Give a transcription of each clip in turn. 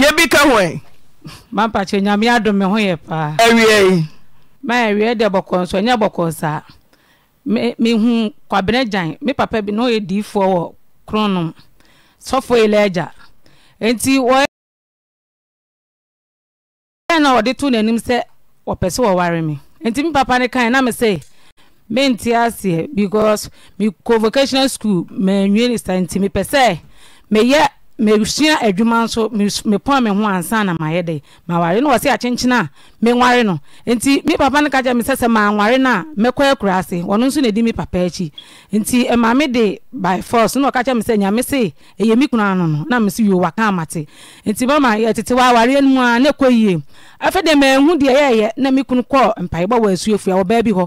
yɛbi ka ho ɛ mampakyɛ nyame adome ho yɛ paa awiɛ yi ma awiɛ de bɔkɔ nso ɛnyɛ bɔkɔ saa mehu kwabena gyan me papa bi na ɔyɛ diifoɔ wɔ kronom sɔfo yi la agya nti wɔyɛ na ɔde to n'anim sɛ ɔpɛ sɛ wɔware me nti me papa ne kan na me sɛ menti aseɛ because me convocational school manwie ne sa mi mepɛ sɛ meyɛ mesua adwuma nso mepɔn me ho ansa na mayɛ dɛ maware na wɔse akyenkyene a menware no nti me papa no ka kyɛ me sɛ sɛ manware no a mɛkɔ akura ase ɔno nso na ɛdi me papa akyi nti ɛma eh, me de by force na ɔka kyɛ me sɛ nyame se ɛyɛ me kunu ano no na mese yo waka amate nti bama yɛtete wɔ awareɛ no mu a na ɛkɔ yie afei de maahu deɛ yɛɛyɛ na me kunu kɔɔ mpaebɔ wɔ asuafua wɔ baa bi hɔ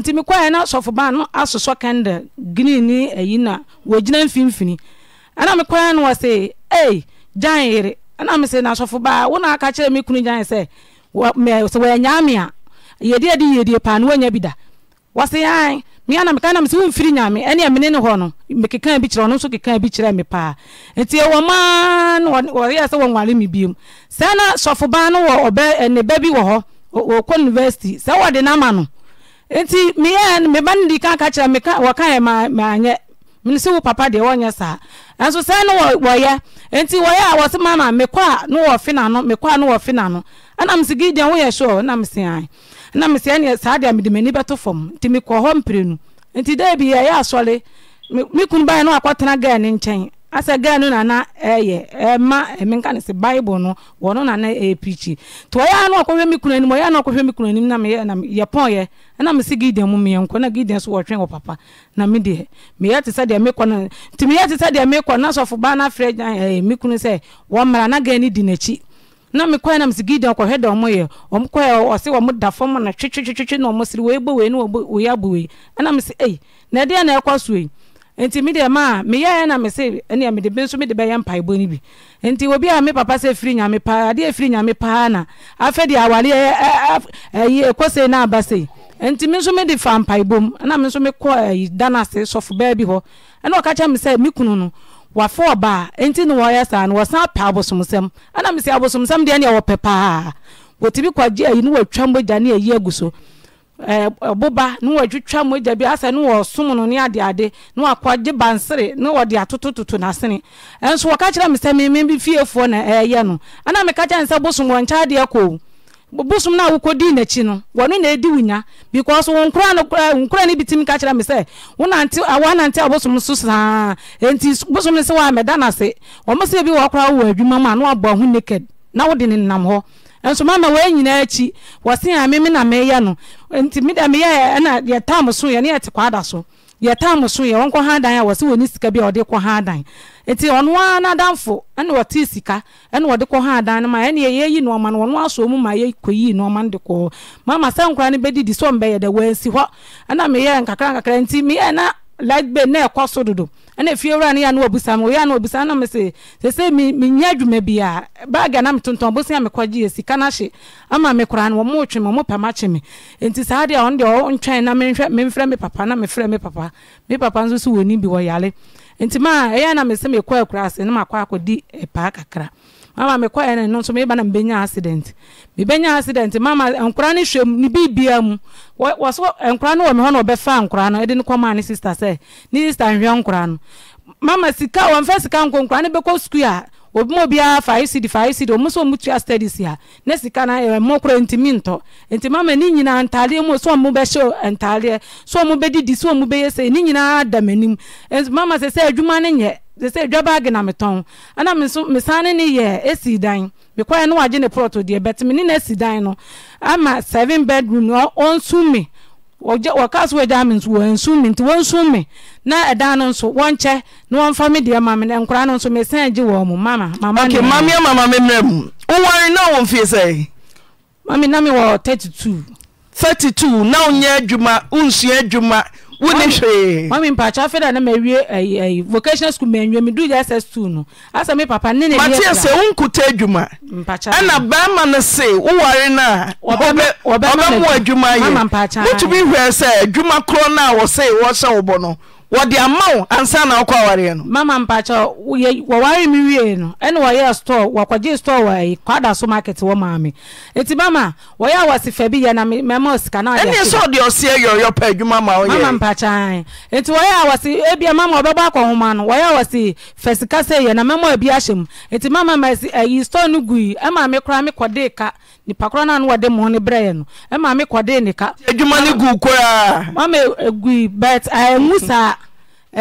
ntimek na sofo bano asuso kende nene yina wayina fifini namek n a a a k n dena nti meyɛ meba no di ka ka kyerɛ meka wɔkaɛ maanyɛ mene sɛ wo papa deɛ wɔnyɛ saa ɛnso no ne wɔyɛ nti wɔyɛ a wɔse mama mekɔ a no wɔfe na no mekɔ a ne wɔfe n'ano ɛna ɛnam se gideon woyɛ ɛna ɛnam se ae ɛnam se ɛneɛ saa deɛ mede m'ani bɛto fam nti mekɔ hɔ mprenu nti da bi yɛyɛ asɔre me kunu baɛ ne wakɔtena gaa ne nkyɛn asɛ gɛ no nana ɛyɛ eh, ɛma eh, ɛmenka eh, ne sɛ bible no wɔno nana ɛpikyi nti ɔyɛ na ɔkɔhwɛ me kunu anim ɔyɛ na ɔkɔhwɛ me kunu anim na meyɛ na yɛpɔnyɛ ɛna mese gideɛ mu na gideɛ nso wɔtwe wɔ papa na me deɛ meyɛ te sɛ deɛ mekɔ no nti meyɛ te sɛ deɛ mekɔ na sɔfo baa no afrɛ me kunu sɛ na gɛ ne di n'akyi na na mese dɛ ɔmo yɛ ɔmo kɔɛ ɔmo da na na ɔmo na ɛna na ɛdeɛ na ɛkɔ nti mi deɛ maa meyɛ ɛna me se ɛnea mede bi nso mede bɛyɛ mpaebɔ no bi nti obi a me papa se firi nyame paa adeɛ firi nyame paa na afɛ deɛ awale ɛyi ɛkɔse na aba sei nti me nso mede fa mpaebɔ mu ɛna me nso mekɔ ɛyi dana ase sɔfo bɛɛ hɔ ɛna ɔka kyerɛ me sɛ me kunu no wafɔ ɔbaa nti na wɔyɛ saa no wɔsan pɛ abosomsɛm ɛna me sɛ abosomsɛm deɛ neɛ wɔpɛ paa wɔtumi kɔgye ɛyi no wɔatwa mbɔgya ne ɛyi agu so Eh, boba ne wɔdwitwa mogya bi asɛ ne ọsụmụnụ no adị adị ne wakɔgye bansere ne wɔde atotototo n'asịrị nso wɔka kyerɛ me sɛ meme bi na ɛyɛ eh, no eh, ana meka kyɛ ne sɛ bosom wɔnkyɛ adeɛ kɔo bosom no a wokɔdii n'akyi no wɔno na ɛdi wo nya because wo nkora no bitimi ka kyerɛ so saa enti bosom no sɛ wɔa mɛda ase ɔmo bi wɔkora wowɔ adwuma mu a na wabɔ na wode nam nso mama wɔn nyinaa akyi wɔsi ya mimi na meyɛ no nti mi da meyɛ ɛna yɛ tam so yɛ ne yɛ te kwada so yɛ tam so yɛ wɔn kɔ ha dan a wɔsi wɔn ni sika bi a wɔde kɔ ha dan nti ɔno ara n'adamfo ɛna wɔte sika ɛna wɔde kɔ ha dan no ma ɛna yɛ yɛyi nneɛma no ɔno asɔ mu ma yɛ kɔ yi nneɛma no de kɔ mama sɛ nkora no bɛdidi so mbɛyɛ dɛ wɔn asi hɔ ɛna meyɛ nkakra nkakra nti meyɛ na light bay na ɛkɔ so ɛna fie wura ne yanu obusa mu yanu obusa na mese sese mi mi nya adwuma bi a baagi anam tontɔn bosi a mekɔ gye sika na hye ama me kora no wɔn mo twɛn wɔn pɛm akyɛ me nti saa deɛ ɔno deɛ ɔntwɛn na mehwɛ mefrɛ me papa na mefrɛ me papa me papa nso so wɔ ni bi wɔ yale nti maa ɛyɛ na mese mekɔ akura ase na makɔ akɔdi ɛpaa e kakra. mama mekɔ ɛ no nso meba na mebɛnya accident mebɛnya accident mama nkora no hwɛ mu ne biribia mu wɔso nkora no wɔ me hɔ na ɔbɛfa nkora no ɛde no kɔmaa ne sister sɛ ni sister nhwɛ nkora no mama sika wɔmfa sika nkɔ nkora no bɛkɔ sukuu a obi mu obiara faisidi faisidi omu nso omu tua studies ha ne sika na ɛɛ eh, mo kora ntumi ntɔ nti mama ne nyinaa ntaade mu so ɔmo bɛhyɛ ntaadeɛ so ɔmo bɛdidi so ɔmo bɛyɛ sɛ ne nyinaa da m'anim nti mama sɛ sɛ adwuma ne nyɛ sɛ sɛ dwa baage na metɔn ɛna meso mesane ne yɛ esi dan mekɔɛ no wagye ne pɔtɔ deɛ bɛtɛ me ne na esi dan no ama seven bedroom no ɔnsu mi wɔgya wɔka so wɔgya mi nso wɔnsu mi nti wɔnsu mi na ɛdan no nso wɔnkyɛ na wɔnfa mi deɛ maame na nkora no nso mesan gye wɔn mu mama mama okay, ne mu. ok maame ama maame mmerɛ mu nwari na wɔn fie sɛ. maame na mi wɔ thirty two. thirty two na onyɛ adwuma nsua adwuma wone hwee mami mpakyɛ afei da na mawie ayi vocational school manwie medu ss2 no asɛ me papa ne nemateɛ sɛ wonkuta adwuma ɛna bɛrima no se woware no a ɔbɛmo adwuma yɛ wotumi hwɛ sɛ adwuma korɔ no a wɔse wɔhyɛ wo bɔ no wɔde ama wo ansa na wokɔ awareɛ no mama mpakyɛ wɔware me wie no ɛne wɔyɛ store wɔkɔgye store wɔ kwada so market wɔ maame nti mama wɔyɛ a wɔse fa bi yɛ na mɛma sika na ɛne sɛ ɔde ɔseɛ yɔyɔ pa adwuma ma woyɛ mama mpakyɛ nti wɔyɛ a ebi ebia mama ɔbɛbɔ akɔhoma no wɔyɛ a wɔse fa sika sɛ yɛ na mɛma abi ahyɛ mu nti mama mɛsi ayi store no gui ɛma me koraa me kɔde ka nipa koraa naa no wɔde mo ne brɛ yɛ no ɛma me kɔde ne ka adwuma no gu koraa mama egui but ɛmu saa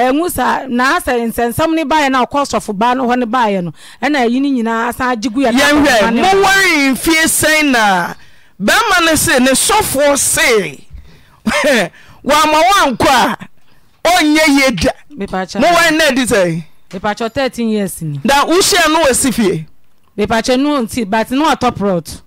nwusa na asɛ nsɛnsɛm ne baeɛ no ɔkɔ sɔfo baa no hɔ ne no ɛna ayi no nyinaa asa agye gu yɛyɛnhwɛ moware mfie sɛn na bɛrima no se ne sɔfoɔ see wɔama woankɔ a ɔnyɛ yɛ da moware na adi sɛ mepakyɛ 13 years ni na wohyia no wɔasi fie mepakyɛ no nti but ne ɔtɔprɔt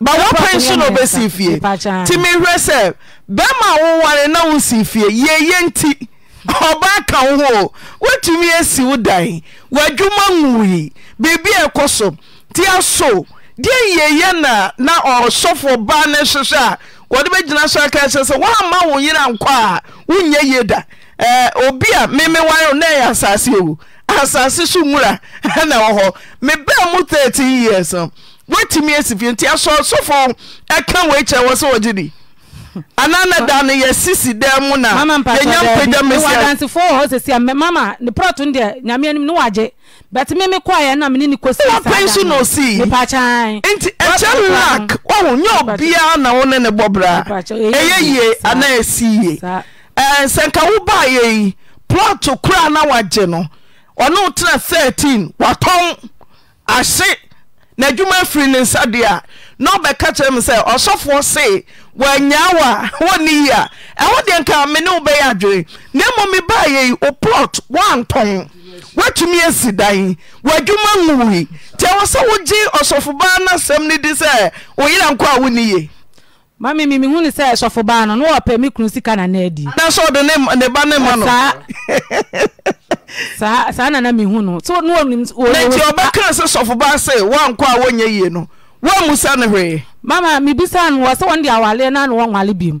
ba wopɛ na obɛsi fie nti mehwɛ sɛ bɛrima woware na wosi fie yɛyɛ nti ɔba ka wo ho wotumi asi wo dan w'adwuma nwui biribi a ɛkɔ so ti aso deɛ yɛyɛ na na ɔsɔfo baa ne hyehyɛ a wɔde bɛgyina so aka kyerɛ sɛ woamma wo yere ankɔ a wonyɛ yie da obi a meme ware na ɛyɛ asase ewu asase so nwura na wɔ hɔ mebɛɛ mu 13 years no woatumi asi fie nti asɔ ɔsɔfo ɛka wɔ akyerɛ wɔ sɛ wɔgye di anana da no yɛsisi dɛn mu nayɛnyampagyamasmama ne prɔto deɛ nyameanim ne wagye but me me kɔɛ na mene e ne kɔsiwapɛn e e so eh, na ɔsiipa nti ɛkyɛ lak ɔho nyɛ obiara na wo ne ne bɔbraa ɛyɛ yie ana esi yie sɛ nka wo baa yɛyi prɔto na wagye no ɔne wo tena 13 watɔn ahye naadwuma firi ne nsadeɛ a na ɔbɛka kyerɛ me sɛ ɔsɔfoɔ see wɔ anya w a wɔ nniyi a ɛhɔ deɛnka mene wobɛyɛ adwene na mmom mebaa yɛyi o plɔt woantɔn woatumi asi dan wɔadwuma wui nti ɛwɔ sɛ wogye ɔsɔfo baa no sɛm no di sɛ wo yera nkɔ a wo nni ye mami mi mi huni sɛ ɛsɔfo baa no na mi kunu sika na na adi. na sɔ de ne ne ba ne ma no. saa saa saa nana mi hu no so ne wɔn nim. na nti ɔbɛka sɛ sɔfo baa sɛ wankɔ a wɔnyɛ yie no wɔn musa ne hwee. mama mi bisa no wɔ sɛ wɔn de awale na wɔn nwale bi mu.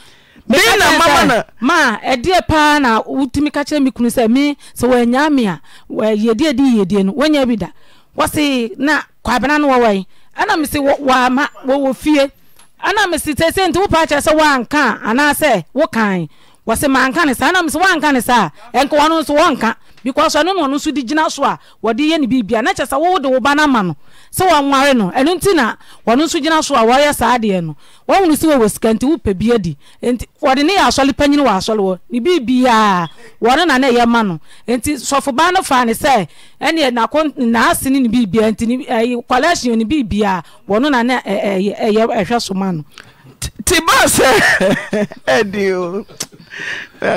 ma ɛdeɛ paa na wotumi ka kyerɛ me kunu sɛ me sɛ wɔanya me a yɛdeɛ de yɛdeɛ no wɔanya bi da wɔse na kwabena no wɔwɔe ɛna mese wɔama wɔwɔ fie ɛna mese sɛsei nti wopaa kyerɛ sɛ woanka anaasɛ wokae wɔsi manka ne saa nam sɛ wanka ne saa ɛnka wɔn nso wɔnka because ɔno na ɔno nso de gyina so a wɔde yɛ ne biribia na kyerɛ sɛ wɔwɔ de wo ba n'ama no sɛ wɔnware no ɛno nti na wɔn nso gyina so a wɔreyɛ saa adeɛ no wɔn wɔn si wɔwɔ sika nti wopɛ bi adi nti wɔde ne yɛ asɔre panyin wɔ asɔre wɔ ne biribia wɔn na ne yɛ ma no nti sɔfoban no fa ne sɛ ɛne n'ako n'ase ne ne biribia nti ne ɛyi collection ne biribia wɔn na ne ɛyɛ ɛhwɛ so ma no. tibaase ɛdi o.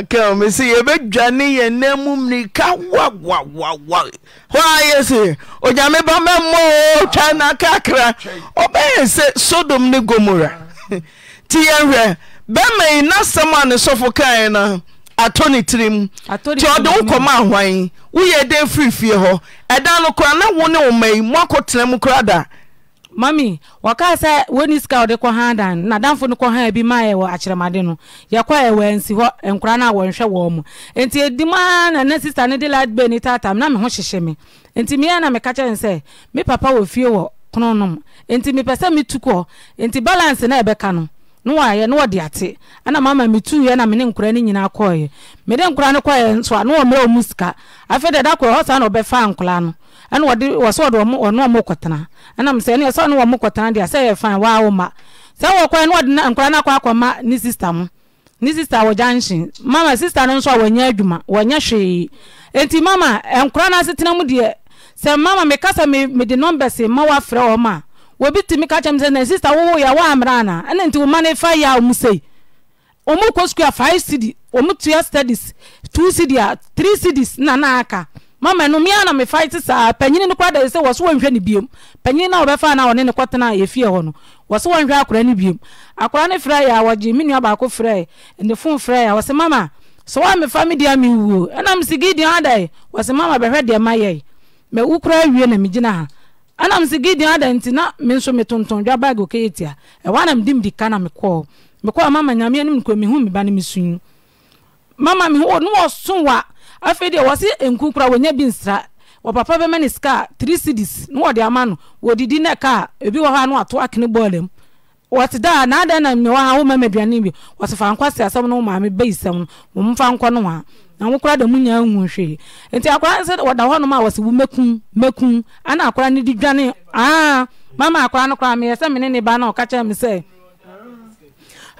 kem sɛ yɛbɛdwane yɛ na mu mmirika wawawawa hɔ a yɛ sɛ onyame ba na sodom ne gomora nti yɛhwɛ bɛma yi nasɛm a ne sɔfo kaeɛ no atɔ ne tirim nti ɔde wo kɔma ahwan woyɛ dɛn na wo ne wo ma yi mu mami wɔkaa sɛ wɔni sika wɔde kɔ han dan na damfo no kɔ han bi maa yɛ wɔ akyerɛmade no yɛkɔ ɛwɔ nsi hɔ nkora no a wɔnhwɛ wɔn mu nti edi na ne sista ne de light bill ne taatam na me ho hyehyɛ me nti mea na meka kyerɛ sɛ me papa wɔ fie wɔ kono nom nti mepɛ sɛ metu kɔ nti balance na ɛbɛka no no ne wayɛ ne wɔde ate ana mama mi tu ye na me ne nkura ne nyina nyinaa me de nkura ne kɔyɛ nso a no wɔmmerɛ ɔmu sika afei dɛ da kɔɛ ho sa na ɔbɛfa nkura no ana wa de wɔde wɔ sɛ ɔde ɔne ɔmo kɔtena ɛnam sɛ ɛne sɛ ɔne wɔmo kɔtena deɛ sɛ ye fan wa wo ma se sɛ wɔkɔɛ ne wɔde nkura na akɔ akɔma ni sister mo ni sister wɔ janshin mama sister no nso a wɔnyɛ adwuma wɔnyɛ hwee enti mama nkora no asetena mu de se mama me me kasa mekasa mede numbers ma wa wɔafrɛ ɔma ma wobi tumi ka kyɛm sɛ na sista wowo yɛ woammerɛ anaa ɛne nti woma no fa yɛ a mu sei ɔmu kɔ sukuu a five cd mu tua studies two cd a three cds na na aka mama no mia na mefa te saa panyini no kɔ da sɛ wɔso wɔnhwɛ ne biom panyini na wɔbɛfa na ɔne ne kɔtena yɛfie hɔ no wɔso wɔnhwɛ akora no biom akora no frɛ yɛ a wɔgye me nua baako frɛ ne fon frɛ a wɔse mama sɛ woa mefa me deɛ mewuo ɛna mesigi deɛ adae wɔse mama bɛhwɛ deɛ ma yɛe mɛwo kora awie na megyina ha ɛna m sɛ gideon ada nti na me nso metontɔn dwa bag okɛyɛ tia ɛwɔ na mede mdi ka na mekɔɔ mekɔɔ mama nyame anim nkoa mehu me no mesu mama mehu ne wɔso wa afei deɛ wɔse nku kora wɔnya bi nsra wɔpapa bɛma ne sika three cities ne wɔde ama no wɔdidi ne kaa ebi wɔ hɔ a ne wato akene bɔɔlɛ wɔte da na adan na mewɔ ha woma ma aduane bi wɔte fa nkɔ se asɛm no maame bɛyi sɛm no wɔn mfa nkɔ no ha na wɔn kora da mu nyinaa nhu hwee nti akora nsɛ wɔda hɔ nom a wɔsi wu mɛkum mɛkum ɛna akora ne di dwane aa mama akora no kora meyɛ sɛ mene ne ba na ɔka kyerɛ me sɛ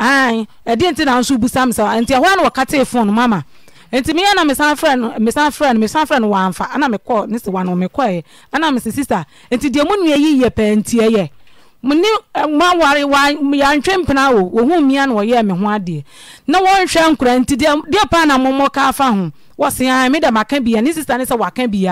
ɛdeɛ nti na nso wobusa me nti ɛhɔ a na wɔkatee phone mama nti meyɛ na mesan frɛ no mesan frɛ no mesan frɛ no ne nti deɛ nua yi yɛ pɛɛ nti mpena na wɔyɛɛ me ho adeɛ na wɔnhwɛ nkora nti deɛ paa na mommɔ ka fa ho wɔse aka bia ne ne sɛ waka ne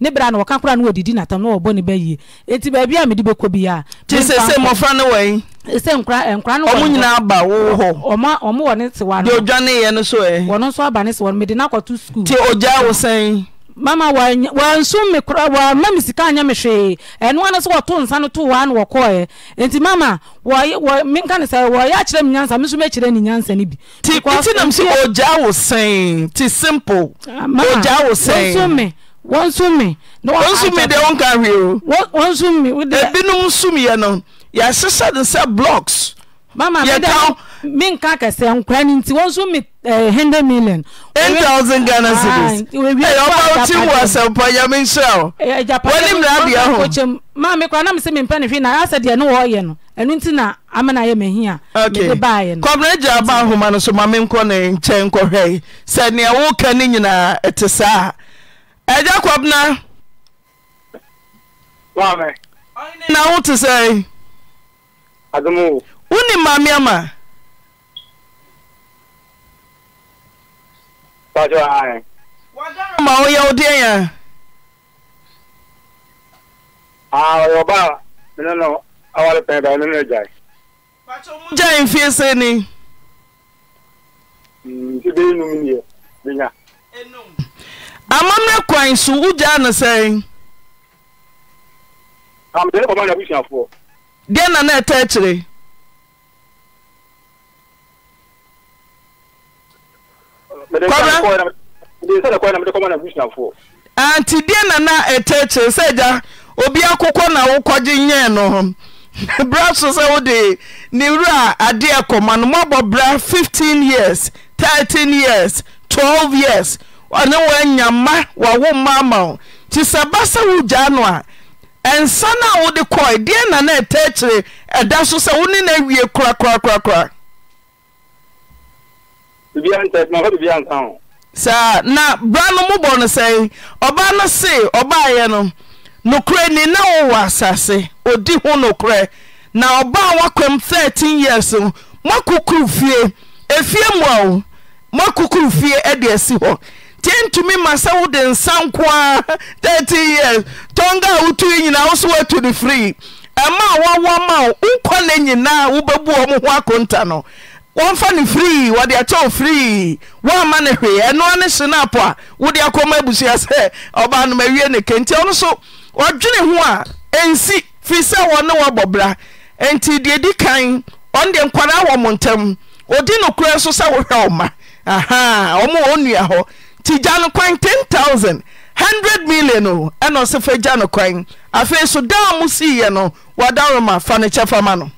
na wɔka kora na wɔdidi natam na wɔbɔ ne bɛyie baabi a sɛ sɛ nkura nkura no. ɔmu nyinaa aba wo hɔ. ɔmu ɔmu wɔ ne tiwa no. deɛ ɔdwa ne yɛ no so yɛ. wɔn nso aba ne tiwa no mɛdi n'akɔto sukuu. te ɔgya wosan. mama wa wa nsu mi kura wa ma mi sika anya mi hwee ɛnu wa ne so wɔto nsa no to wa no wɔkɔ yɛ nti mama wɔ wɔ mi nka ne sɛ wɔ yɛ akyerɛ mi nyansa mi nso mi akyerɛ ne nyansa ne bi. ti ti nam si ɔgya wosan ti simple. ɔgya wosan. wɔn nsu mi wɔn nsu mi. wɔn nsu mi de wɔn ka hwee o. wɔn nsu mi. ebinom nsu yɛ no. yɛahyehyɛ no sɛ blocks menka kɛsɛ nkra no nti wɔ so me 100 eh, million 8000 ghana cities wɔ asɛmpa nyame eh, eh, ma mekora na mesɛ mempɛ ne hwee na asɛ deɛ ne wɔɔyɛ no ɛno nti na amana yɛ mahi no kɔmena gya aba no so ma menkɔ ne nkyɛn sɛ nea woka nyinaa ɛte saa ɛgya na wote sɛ adumu. wúni maame ama. pàṣẹ ààrẹ. wàdàrà màá wọ́n yẹ ọdẹ yẹn. àwọn ọba nínú àwọn alẹ́pẹ̀ẹ́ bá nínú ẹja yìí. pàṣẹ ọmọ jẹ́ ìfiyèsé ni. ti bẹ́ẹ̀ nù mí nìyẹn bí yà. amammerɛ kwan so wogyaa ne sɛn. amdene bɔma na abusuafoɔ. deɛ na naɛtɛkyeranti deɛ na na ɛta kyirɛ sɛ agya obi ako kɔ na wokɔgye nyɛe no ho berɛ so sɛ wode ne wura a adea kɔmma no moabɔ bra fifteen years thiten years twve years ɛne woanyamma wawo mma ama wo ntyi sɛ basa wo gyaa no a nsa no a wode kɔe deɛ na na ɛtaa kyire ɛda so sɛ wo ne na awie korakorakorakora saa na bera no mobɔ no sɛe ɔbaa no se ɔbaaeɛ no nokorɛ ni na wowɔ asase odi ho nokorɛ na ɔbaa woakwam 13 years moakokoro fie ɛfie mmoa wo moakokoro fie ade asi hɔ ntie ntumi ma sɛ wode nsa nko 30 years tɔnga a wotui nyinaa wo so woatu ne frii ɛma a woawoa ma wo nkɔ ne nyinaa wobɛbu ɔ mo ho akonta no wɔmfa ne frii wɔde akyɛwo frii woamma ne hwee ɛnoa ne hye no apɔ a wode akɔma abusua sɛ ɔbaa nomawie ne kenti ɔno so ɔdwene ho a ɛnsi firi sɛ wɔ ne wɔbɔ bra ɛnti deɛ di kan ɔn deɛ nkwara wɔ mo ntam ɔdi nokora so sɛ wohwɛ wo ma aha ɔma ɔ nnua hɔ nti gya no kwan 10000 100 million o ɛna ɔsɛ fa gya no kwan afei so daa mu siiiɛ no wɔadaroma fa no kyɛ fama no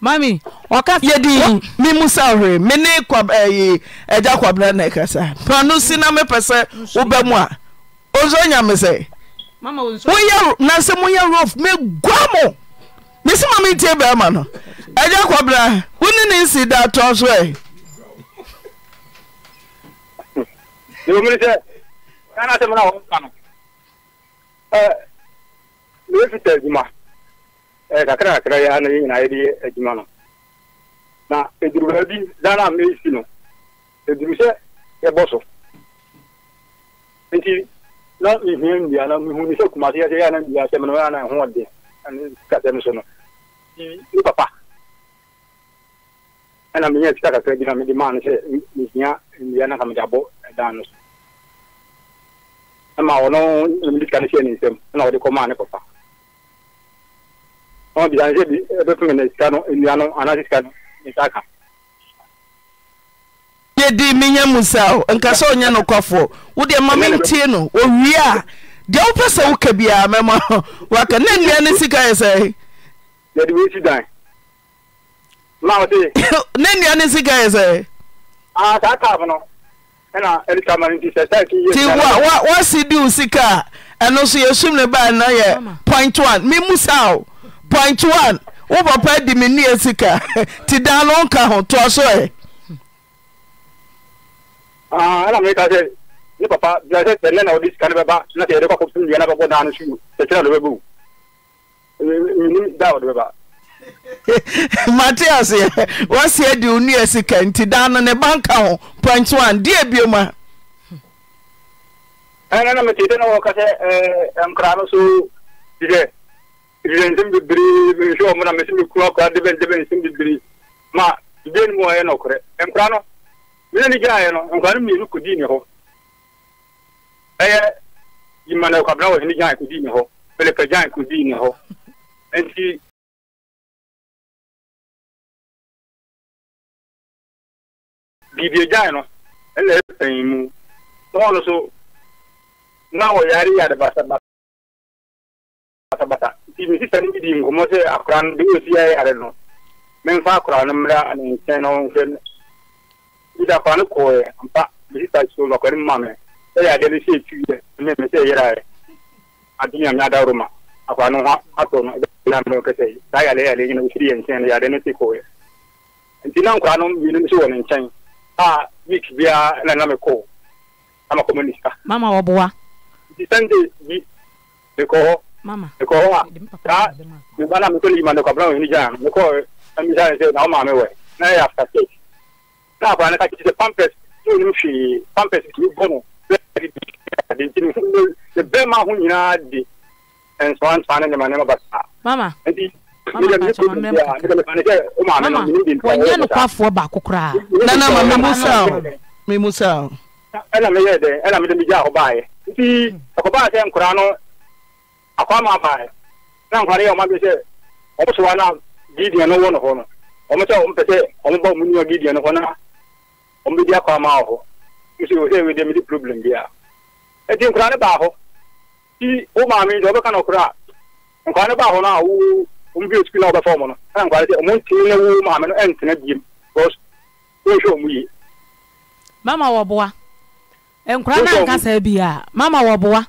mami ɔka yɛdi memu sa hwere me ne eh, agya kwabena na ɛkasa pano si na mepɛ sɛ wobɛ mu a ɔnso nya me sɛ woyɛ na sɛ moyɛ rof megua mo mesi ma metie bɛima no agya kɔbra wone ne nsi da atɔ so ɛ mefita adwuma kakrakakra yɛ na yɛnyinayɛde adwuma no na ɛdurubaa bi da na mesi no ɛduru sɛ yɛbɔ so nti na mehia na na so di ne papa ɛna menya sika kakra bi na mede maa no sɛ mehia nnua na ka mede abɔ dan no so ɛma ɔno mede sika no hyɛ ne nsam ɛna wɔde kɔmaa ne papa ɔn bisa ne sɛ bi ɛbɛfome ne sika no nnua no anaasɛ sika no ne nsa ka yɛdi menya mu o nka sɛ ɔnyɛ nokwafoɔ wodeɛ ma mentie no ɔwie a deɛ wopɛ sɛ woka biaa mɛma waka ne nnua ne sika yɛ sɛ ne nnua no sika yɛ sɛti woa woase di wo sika a ɛno so yɛsum ne baa na yɛ poino memu saw point 1 wo pɔ pa di me nnia sika nti dan no nka ho trɔ ah, soɛ ɛnim da wɔde bɛba matias wɔasie de wo nnua sika nti daa no ne banka ho pɔnkye wan deɛ bio ma ɛna eh, na metete na wɔka sɛ nkra eh, no so hwɛ hwɛ nsɛm bebree mehwɛ wɔ mu na mese mekua koraa de bɛntɛbɛ nsɛm bebree ma bie no mu ɔyɛ nɔkorɛ nkra no mene ne gyinaeɛ no nkra no mmienu kɔdii ne hɔ ɛyɛ eh, yimana kwabena wɔ hene gyan kɔdii ne hɔ pelɛpɛ gyan kɔdii ne hɔ e biribi egyae no ɛna ɛpɛn mu wɔn no so na wɔyare yare basabasa nti me sisa no di nkɔmmɔ sɛ akora no de ɔsi yɛ yare no memfa akora no mmra ne nkyɛn na ɔnhwɛ no bi akora no kɔɔɛ ampa e me sisa so akora yɛ ne akora no ho atɔ no nanno kese na yale yale nyina usiri yenchen ya dene siko ye nti na nkwa no bi nimsi wɔ ne nkyɛn a week bia na na mekɔ ama communista mama wɔboa nti sunday bi mekɔ hɔ mama mekɔ hɔ a saa meba na mekɔ lima nekɔ abena wɔhene gyaa mekɔ amisa ne sɛ na wo maame wɔ na yɛ after six na akora ne ka kyerɛ sɛ pampers ne onim hwee pampers tumi bɔ no bɛde bi ade nti ne bɛrima ho nyinaa de nsɔn nsɔn ne nɛma nɛma ba sa. mama mama wɔnyɛ nokwafoɔ baako koraa. nana ma memu sa o memu sa o. ɛna mi yɛ dɛ ɛna mi de mi gya ɔbaa yɛ eh. nti ɔbaa sɛ eh, nkoraa no akɔ ama abaa yɛ eh. na nkoraa yɛ ɔma bi sɛ ɔmo so wa na gidiɛ no wɔ no O no ɔmo o ɔmo pɛ sɛ ɔmo bɔ ɔmo nua gidiɛ no hɔ na ɔmo bi di akɔ ama wɔ hɔ nti o sɛ ewi de mi di problem bi a ɛti nkoraa no baa hɔ. ti wo maame deɛ na no koraa nkwa no baa hɔ no a wo omubi na wobɛfa ɔmo no ɛna nkwa no sɛ ɔmo ntene na wo maame no ɛntena biem because wohwɛ ɔmo yie mama wɔboa nkura no ankasa bi a mama wɔboa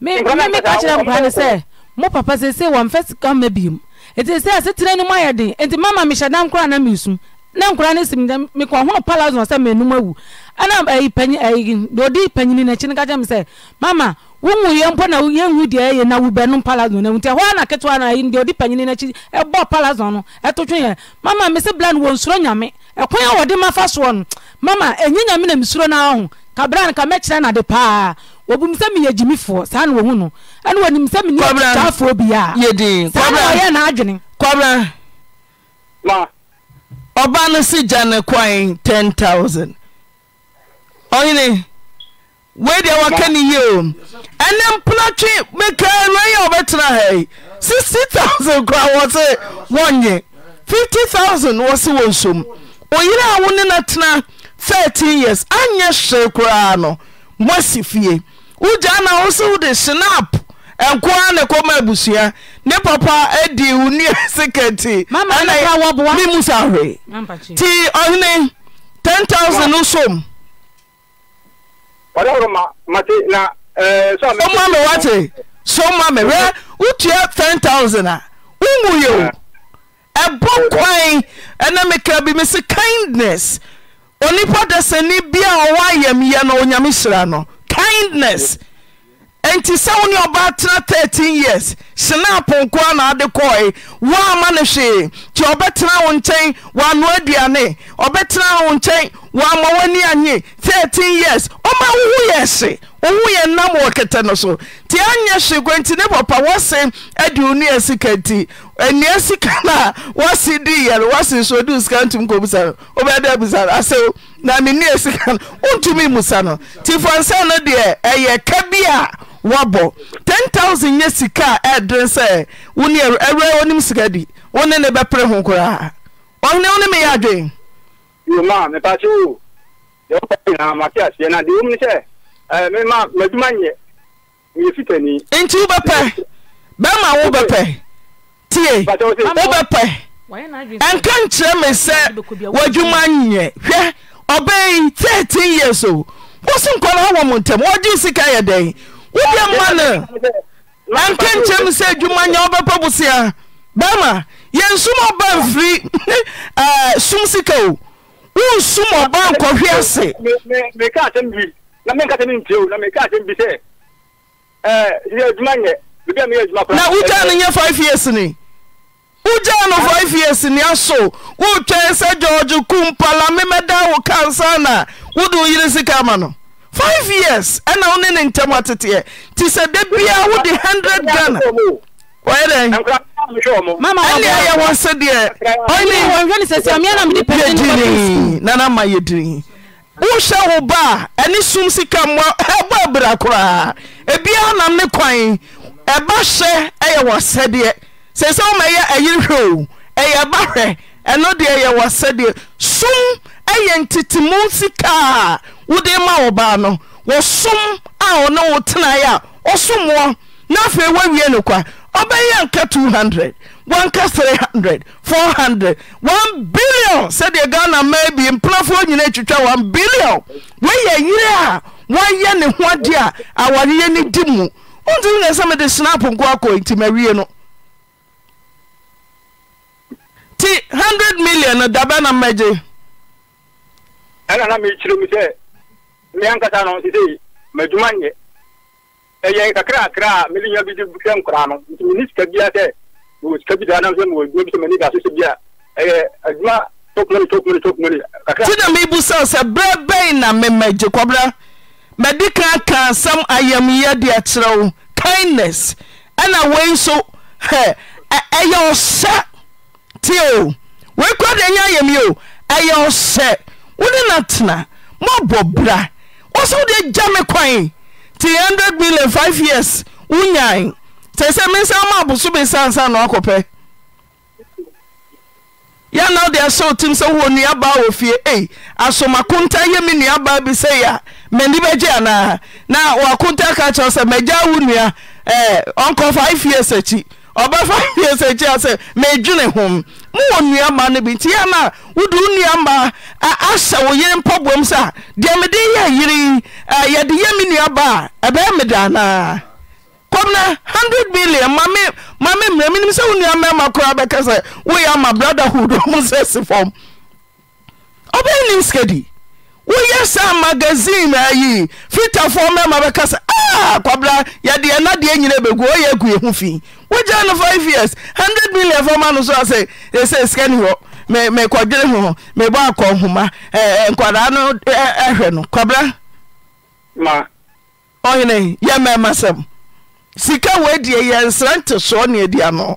meka kyerɛ nkura no sɛ mo papa seesei wɔmfɛ sika ma biem ɛti sɛ asetena no mu ayɛ den enti mama mehyɛ da nkora na mesu na nkwaraa ne si mi dɛm mi kɔn ho palazzo sɛ awu ɛna ɛyi eh, eh, panyin ɛyi panyin n'akyi ne sɛ mama yɛ na yɛ nwu deɛ ɛyɛ na wubɛ na nti na ɛyi deɛ panyin n'akyi mama mi sɛ blan wɔ nsoro nyame wɔde ma fa soɔ no mama enyi nyame na mi na ɔho kabran ka na de paa wɔbum sɛ meyɛ saa na no sɛ saa na ɔyɛ na ɔba no se gyane kwane 10000 ɔwene weideɛ wɔaka ne yi om ɛne mpenatwe mekaa nua yɛ a wɔbɛtena hai 60000 kora wɔ se wɔnye 50000 wɔ se wɔ nsom oyere a wo ne natena 13 yeas anyɛ hyee koraa no wasi fie wogya na wo se wode senap nkoa na kɔma ebusua ne papa adi wo nnua sekati memu sa hwee nti ɔhene 10000 no som soma me 10000 a wowu yɛo ɛbɔ kwan ɛna mekra bi me se kindness onipa da sani bia ɔwɔ ayamyɛ no onyame no kindness nti sɛ wo ne ɔbaa tera 13 years sene pɔnkoa naade kɔe woama no hwee nti ɔbɛtena wo nkyɛn wanoa duane ɔbɛtera wo nkyɛn w ama w'ni anye 13 years ɔma wo wo yɛ he wo wo yɛ nnawɔ kɛtɛ no so nti anyɛ he knti ne pɔ pa wse dnsika n sika n sens no deɛ yɛ ka bia woabɔ 10000 yɛ sika a ɛdere sɛ wone awurɛ wonim sika di wo ne ne bɛpere ho koraa ɔhene wo ne meyɛ adwen ma mepakye o deɛ wokɔ nyinaa mate aseɛ na deɛ wom ne sɛ mema madwuma nyɛ meyɛ fitani nti wobɛpɛ bɛma wobɛpɛ tie wobɛpɛ ɛnka nkyerɛ me sɛ w'adwuma nyɛ hwɛ ɔbɛyi 13 years o wo nkɔla wɔ mo ntam wɔgye sika yɛ wodie mma no anka nkyɛm sɛ adwuma nya wobɛpɛ bosea bɛima yɛnsom ɔba mfiri eh, som sika o wonsom ɔba nkɔhwe ase meka asɛm bi na menka sɛ mentie o na meka asɛm bi sɛ eh, yɛ adwuma nyɛ bibi a meyɛ adwuma na wogyaa no nyɛ five years ni wogyaa no five years ni aso wotwɛn sɛ george kumpala memɛda wo kansa na wode wo yere sika ma no 5 years ɛna wo ne ne ntɛm ateteɛ nti sɛ da biaa wode 100 ghana ɛ dɛnɛneyɛ wɔ sɛdeɛɛ nana ma yɛ din wohyɛ wo ba a ɛne som sika mmoa bɔa bra koraa biaa nam ne kwan ɛba hyɛ ɛyɛ wɔ sɛdeɛ sɛi sɛ woma yɛ ɛyere hwɛo ɛyɛ ba hwɛ ɛno deɛ yɛ wɔ sɛdeɛ som ɛyɛ ntetemon sikaa wode ma wɔbaa no wɔsom a ɔne wo tenaeɛ a ɔsom wɔ na afei woawie no kwa ɔbɛyɛ nka 200 wanka 300 400 1 billion sɛdeɛ ghana maa bi mpenafoɔ nyina atwitwa 1 billion woyɛ yere a woayɛ ne ho ade a awareɛ no di mu wontimi ne sɛ mede snapo nko akɔ ntimawie no nti 100 million no dabɛ na mɛgye ɛna na mekyerɛ mu sɛ meakasa n madwuma yɛ yɛ akrraɛwtinɛ mebu sɛo sɛ berɛbɛi na mema gye kɔbera made ka kaa asɛm ayam yɛ de akyerɛ wo kinness ɛna wei so ɛyɛ ɔhyɛ nti o wei koa deɛ ɛnyɛ ayamyɛo ɛyɛ ɔyɛ wode natenamɔbɔ bera wo sowodeɛ gya me kwae ti 100ed million 5i years wonyan sɛi sɛ mensa woma aboso bi saansa no akɔpɛ yɛna wo de asootim sɛ wɔɔ nonia baa wɔ fie e asom akonta yɛ me nua baa bi sɛ ya mani bɛgye anaa na wɔ akonta ka kyɛɛwo sɛ magya wo nua ɔnkɔ 5iv years akyi eh, ɔbɛfa fiɛ sɛ kyia sɛ medwene hom mowɔ nnuamaa no bi nti yɛ na wode wo nnuamaa ahyɛ a yere mpɔboam sɛ a deɛ mede yɛ yere yɛde yɛ me nnuaba a ɛbɛyɛ mede anaa na hundred million ma me mmerɛ menim sɛ wo nnuamama koraa bɛka sɛ woyɛ ama brotherhood ɔmo sɛ si fam ɔbɛyɛ nim sikadi woyɛ saa magazine maayi fitafoɔ ma ma bɛka sɛ ah, kwabera yɛdeɛ nadeɛ nyina bɛguu ɔyɛ gu yɛho fii wogya no fiv years h0n0red millionfɔmano soasɛ ɛsɛsineɔekdwee hɔhonkwaa noɛ now eneyɛ mama sɛm sika woadiɛ yɛ nsra nte soɔ nnedno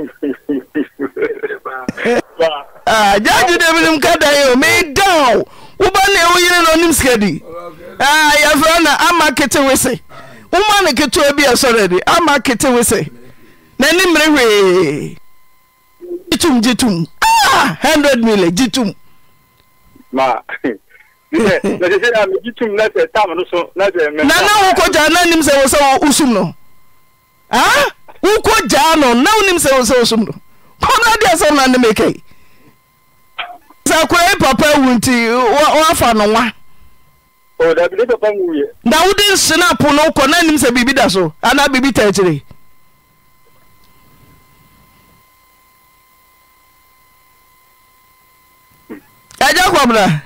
Ah, jaaji davidm kadayo medaw woba ne woyere no nim sikadi ah, yɛfrɛ na ama kete wese woma ne ketewa bi asɔredi ama kete wese nani mmerɛ hwee gyitum gyitum ah, hundred million ma nana wokɔgyaa na nim sɛ wo sɛ wosum no wokɔgyaa no na wonim sɛ wo sɛ wosum no kɔna de asɛm na ne mɛkai sɛ korai papa ewu nti nwa no wa na wode nsena po no wokɔ na anim sɛ biribi da so anaa biribi ta akyire agya kɔbra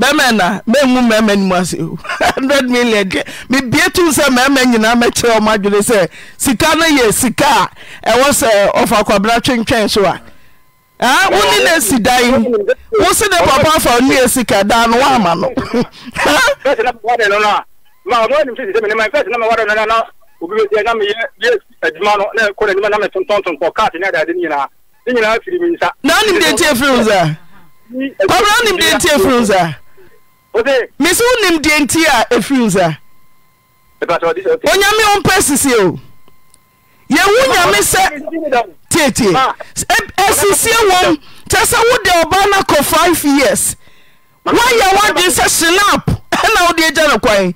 bɛma na mɛmu mmarima nimu ase 100 million deɛ mebie tum sɛ mmarima nyinaa mɛkyerɛ ɔma adwene sɛ sika no yɛ sika ɛwɔ sɛ ɔfa kwabra so a ah wo ne na esi dan yi wo si ne papa afa ne esi ka dan no wa ama no. fẹsẹ̀ náà wà dẹ̀ nínú a màá ọmọ ẹni mi ti sẹ́mi ní ma fẹsẹ̀ náà wà dẹ̀ nínú a obi bẹ tiẹ̀ náà mi yẹ yẹ ẹ̀dùnmá nọ náà kọ́ ẹ̀dùnmá náà mi tuntun tuntun káàtì náà dàdé nyinaa ní nyinaa firi mi nsa. náà ni mi de tiẹ̀ firi nsa papa náà ni mi de tiẹ̀ firi nsa misi wo ni mi de ti a efiri nsa onyame wo mpɛ sisi o yẹ wu nyame sɛ tietie asisie wɔm kyɛ sɛ wode ɔbaa no kɔ 5 years woayɛ woadwene sɛ syenap ɛna wode agya no kwan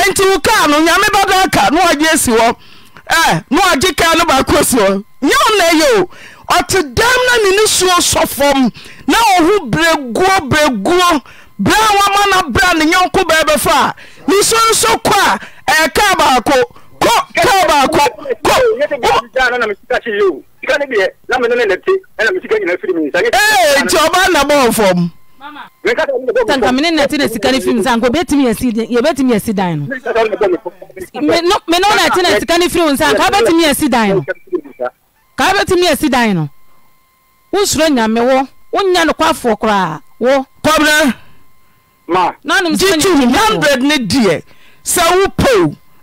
ɛnti wo kaa no nyame bɛda ka na woagye asi hɔ na wagye kaa no baako asi hɔ nyɛ ɔna ɛyɛ o ɔte dam na ne ne suo sɔ fam na ɔho bereguo bereguo berɛ a wama na berɛ a ne nyɔnko bɛɛbɛfa a ne suo nso kɔ a ɛyɛ kaa baako kɔ kaa baako kɔ tba nbmsafbɛtmis aeabɛtumiyasi da no osuro nyame wo oya nokwafo koraa wo 00 ne de saop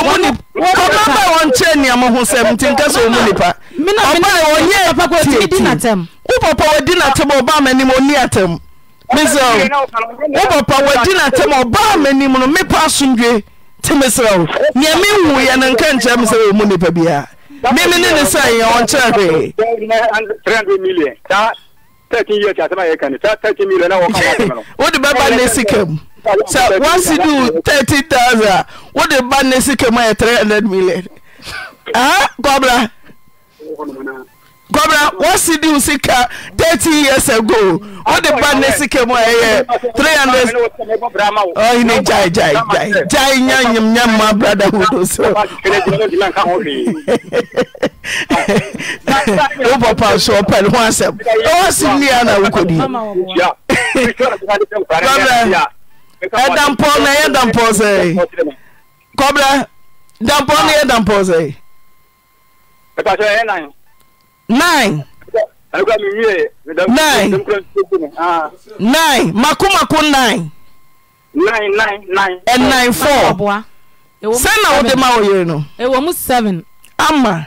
omuni kbrɔ baɛ wɔkyerɛ nneamo ho sɛm nti nkɛ sɛ ɔ mu nipaɛwopa wdina tm ba manim ɔnatɛm mesrɛ wopa wdinatɛm ɔbaa ma nim no mepa asomdwe ti me serɛ o nea mewu yɛno nka nkyerɛ me sɛo mu nnipa biamemene ne sa yɛ ɔkyerɛ hwee wode bɛba n sikam sɛ wasi do thirty thousand a wode ba ne sika mu three hundred million ah kɔbra kɔbra you do sika uh, thirty years ago what ba ne sika mu ayɛ three hundred ɔyi ne gyae jai jai gyae nya nyim nya ma brada hudo so wo papa so ɔpɛ ne ho asɛm ɛwɔ si mmea na wokɔdi kɔbra. edampone ye dampoze kobr damponeye damposenn maku maku nini sena wode maoyereno ama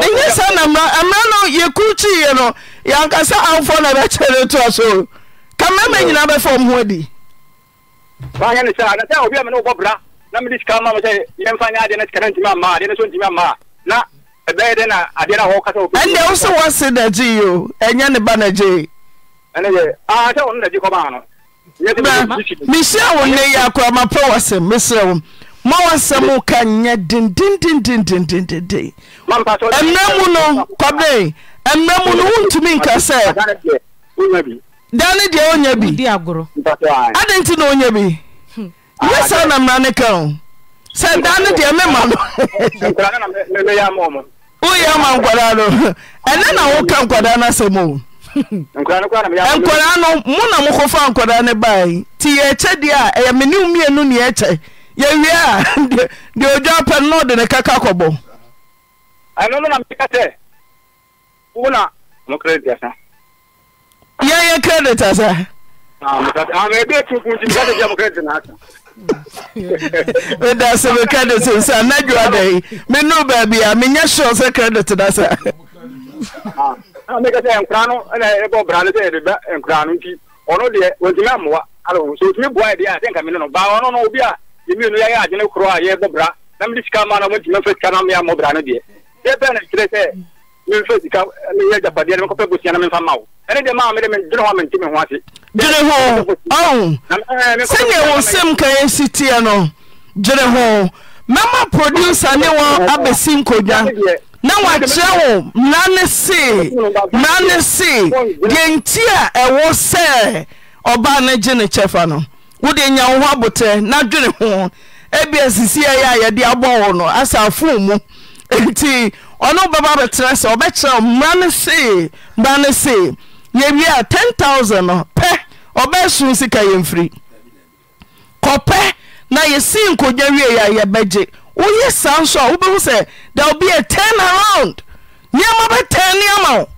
ɛyɛ sa na mmera mmerɛ no yɛkur kyiie no yɛankasa anfo na bɛkyerɛ ne tora sɛ ka mɛamɛ nyinaa bɛfa m ho diɛnde wo sɛ wo se nagye o ɛnyɛ ne ba nagyee ah, mehyiaa wo nne yia koraa mapɛ wo asɛm meserɛ wo ma woasɛm woka yɛ dendenenenenenenden mmerɛ mu no kɔbere mmerɛ mu no wontumi nka sɛ da ne deɛ onya bi adɛn nti na onya bi hmm. yɛ saa na mmara ne ka o sɛ daa ne deɛ mema no woyɛ ama nkwadaa no ɛnɛ na woka nkwadaa no asɛm o nkwadaa no mo na mokɔfa nkwadaa ne bae nti yɛkyɛ deɛ a ɛyɛ mene mmienu ne yɛkyɛ yɛwie a deɛ odwa pɛ no na ɔde ne kaka kɔbɔ ɛno no na meka sɛ wo na mo credit asa yɛyɛ credit asa meda sɛ me credit nsa na dwoa da yi meno baabi a menyɛ sure sɛ credit da sa meka sɛ nkora no na ɛbɔ bra no sɛ yɛdeda nkora no nti ɔno deɛ wantumi ammoa alɔwo sɛ ɔtumi boa deɛ a sɛ nka mene no baa ɔno no obi a yɛmienu yɛyɛ adwene korɔ a yɛbɔ bra na mede sika ma no ɔmatumi afa sika no meammɔ bra no deɛ yɛ bɛn na kyerɛ sɛ min sika gosi fa ma o maa mi de mi dunu hɔ mi ti mi ase. ɔn eh, ka ɛsi teɛ no dwene ho mɛma producer ne wɔn na wakyerɛ wo mmara ne se mmara ne se deɛ nti a ɛwɔ sɛ ɔbaa no gye ne na dwene ho ebia sisi a mu nti ɔno bɛba bɛtera sɛ ɔbɛkyerɛ wo mmera ne see ra ne see yɛwie a 10000 n pɛ ɔbɛɛso sika yɛmfiri kɔpɛ na yɛsii nkogya wie ɛayɛbɛgye woyɛ saa nso a wobɛhu sɛ da wobia 10und neɛma bɛtɛ neama wo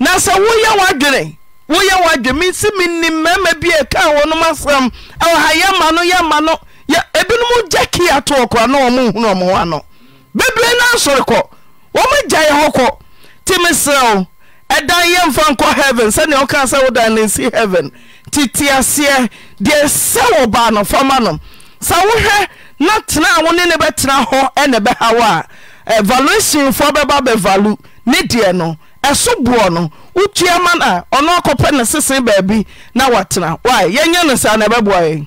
na sɛ woyɛ wadwene woyɛwawene mensi menimama bia ka ɔnomasɛmwɔɛ ma nma nbinom gya ki atoɔ koanuh bebree no asɔre kɔ wɔma gya yɛ hɔ kɔ nti meserɛ wo ɛdan yɛmfa nkɔ heaven sɛnea wokaa sɛ wodan ne nsi heaven titeaseɛ deɛ sɛ wɔ baa nofama no sa wohwɛ na tenaa wo ne ne bɛtena hɔ ɛne bɛhaw a valuationfoɔ bɛba bɛvalu ne deɛ no ɛso boɔ no wotua ma na ɔno akɔpɛ ne sesee baabi na watena w yɛnyɛ no saa na ɛbɛboa yɛ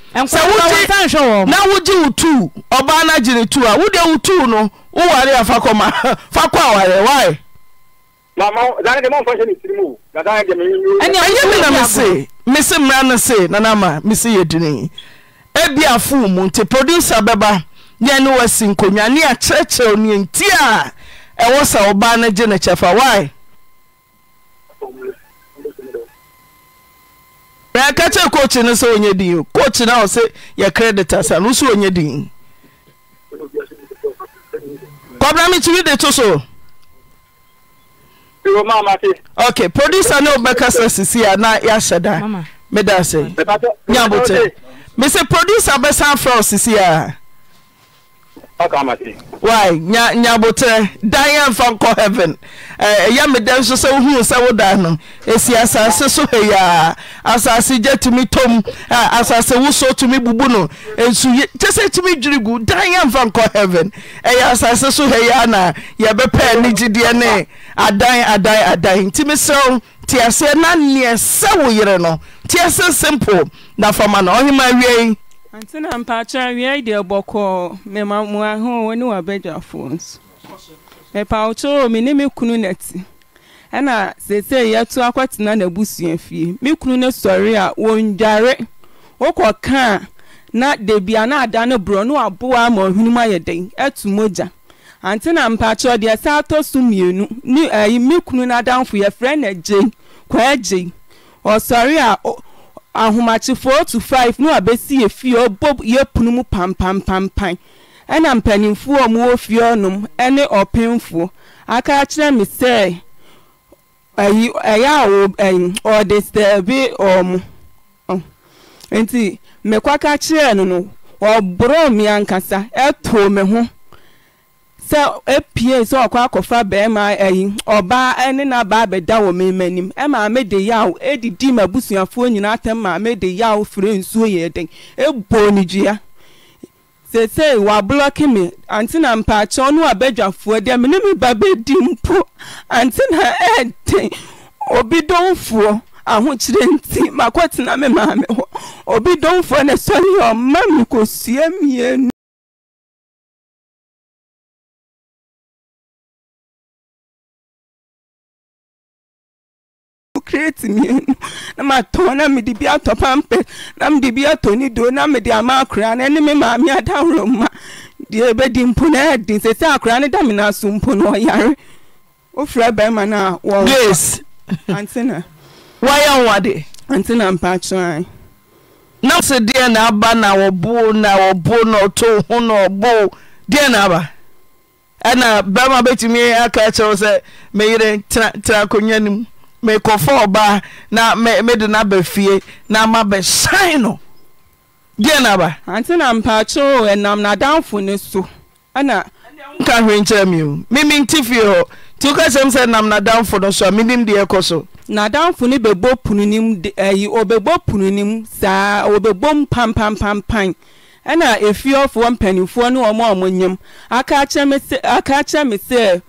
sɛ wona wogye wo tuu ɔbaa no gyere tuu a wodeɛ wo fakọ no wo ware a fa kɔma fa kɔ awareɛ wae ɛyɛ me na mese mese mmara no se nanama mese yɛ dini ebia mu nti produser bɛba neɛ ne woasi nkonwa ne akyerɛkyerɛw neanti a ɛwɔ sa ɔbaa no gye no kyɛfa wae bẹẹ kẹkẹ coach na sẹ onye din coach náà ọsẹ yẹ creditor sa n'usu onye din kọbra mi tiri de to so. ok producer náà bẹ si sisi na ya yàhyẹ dá mi dá sẹ nyàbùtẹ mi sẹ producer bẹ sàn fẹ ọ sisi à. nya nyaboterɛ dan yɛmfa nkɔ heaven ɛyɛ meda nso sɛ wohuu sɛ woda no ɛsi eh, asase so hɛia asase je tumi tom asase woso tumi bubu no nsuye eh, kyɛ sɛ tumi dwiri gu dan yɛmfa nkɔ heaven ɛyɛ eh, asase so hɛia na yɛbɛpɛɛ ne gyideɛ ne adan adan adan ntimi sɛw ntiaseɛ na neɛ sɛ wo yere no ntiasɛ simple na fama no ɔhema wiei nti na mpakyɛ awie deɛ bɔkɔɔ mema mo aho wɔ ne wabɛdwafoɔ nso mepawotwo me ne me kunu nati ɛna seesei yɛto na n'abusua fie me kunu no sɔre a wɔndware wokɔka kan na debia na ada no borɔ ne waboa ama ɔhwenum ayɛ den ɛtu mogya ante na mpakyɛ deɛ saa atɔ so mmienu ne ayi me kunu no adamfo yɛfrɛ na gyei kɔɛ gyei sori a ahomakyefo to five no abesi efie ɔbɔ yɛpunu mu pampampampan ɛna mpanyinfoɔ a wɔwɔ fie ɔnom ɛne ɔpenfoɔ aka akyerɛ me sɛ ɛyi ɛyɛ a ɛyi ɔde sɛbi ɔmo nti mɛkɔ aka kyerɛ no no ɔboro mi ankasa ɛtoo me ho. sɛ apie sɛ ɔkɔ akɔfa bɛrima ɛyi ɔbaa ɛne n'abaa bɛda wɔ mɛma anim maame de yaw edidi ma abusuafoɔ nyinaa atɛm maame de yaw fure nsuo yɛ den ebo ne dua sese wablɔki mi anti na mpaakyɛw no abɛdwafoɔ deɛ me ne me ba bɛdi mpo anti na ɛɛden obi donfoɔ ahokyere nti makɔtena me maame hɔ obi donfoɔ na sɔre yɛ ɔma me kosua mmienu kreti mmienu na matɔn na mede bi atɔ pampɛ na mede bi atɔ ne do na mede ama akora no ɛne me maame adahoro ma deɛ ɛbɛdi mpo na ɛden sɛ akora no da me no mpo na ɔyare wofrɛ bɛrima no a wɔgrace antina wayɛ nwade antina mpa na sɛ deɛ na aba na wɔbo na wɔbo na ɔto ho na ɔbo deɛ na aba ɛna bɛrima bɛtumi aka kyerɛ sɛ meyere tena akonnwa no mu mekɔfa ɔbaa na mede no aba fie na mabɛsane no deɛ na ba anti na mpaakyerɛ ɛnam nadamfo no so ana ka hwɛ nkyerɛ mio mementi fie hɔ nti woka sɛm sɛ nam nadamfo no so a menim deɛ ɛkɔ so nadamfo no bɛbɔ pununim ayi ɔbɛbɔ pununim saa wɔbɛbom pampampampan ɛna efiɔfoɔ mpanimfoɔ ne ɔma ɔmo nyam aka akyerɛ me sɛ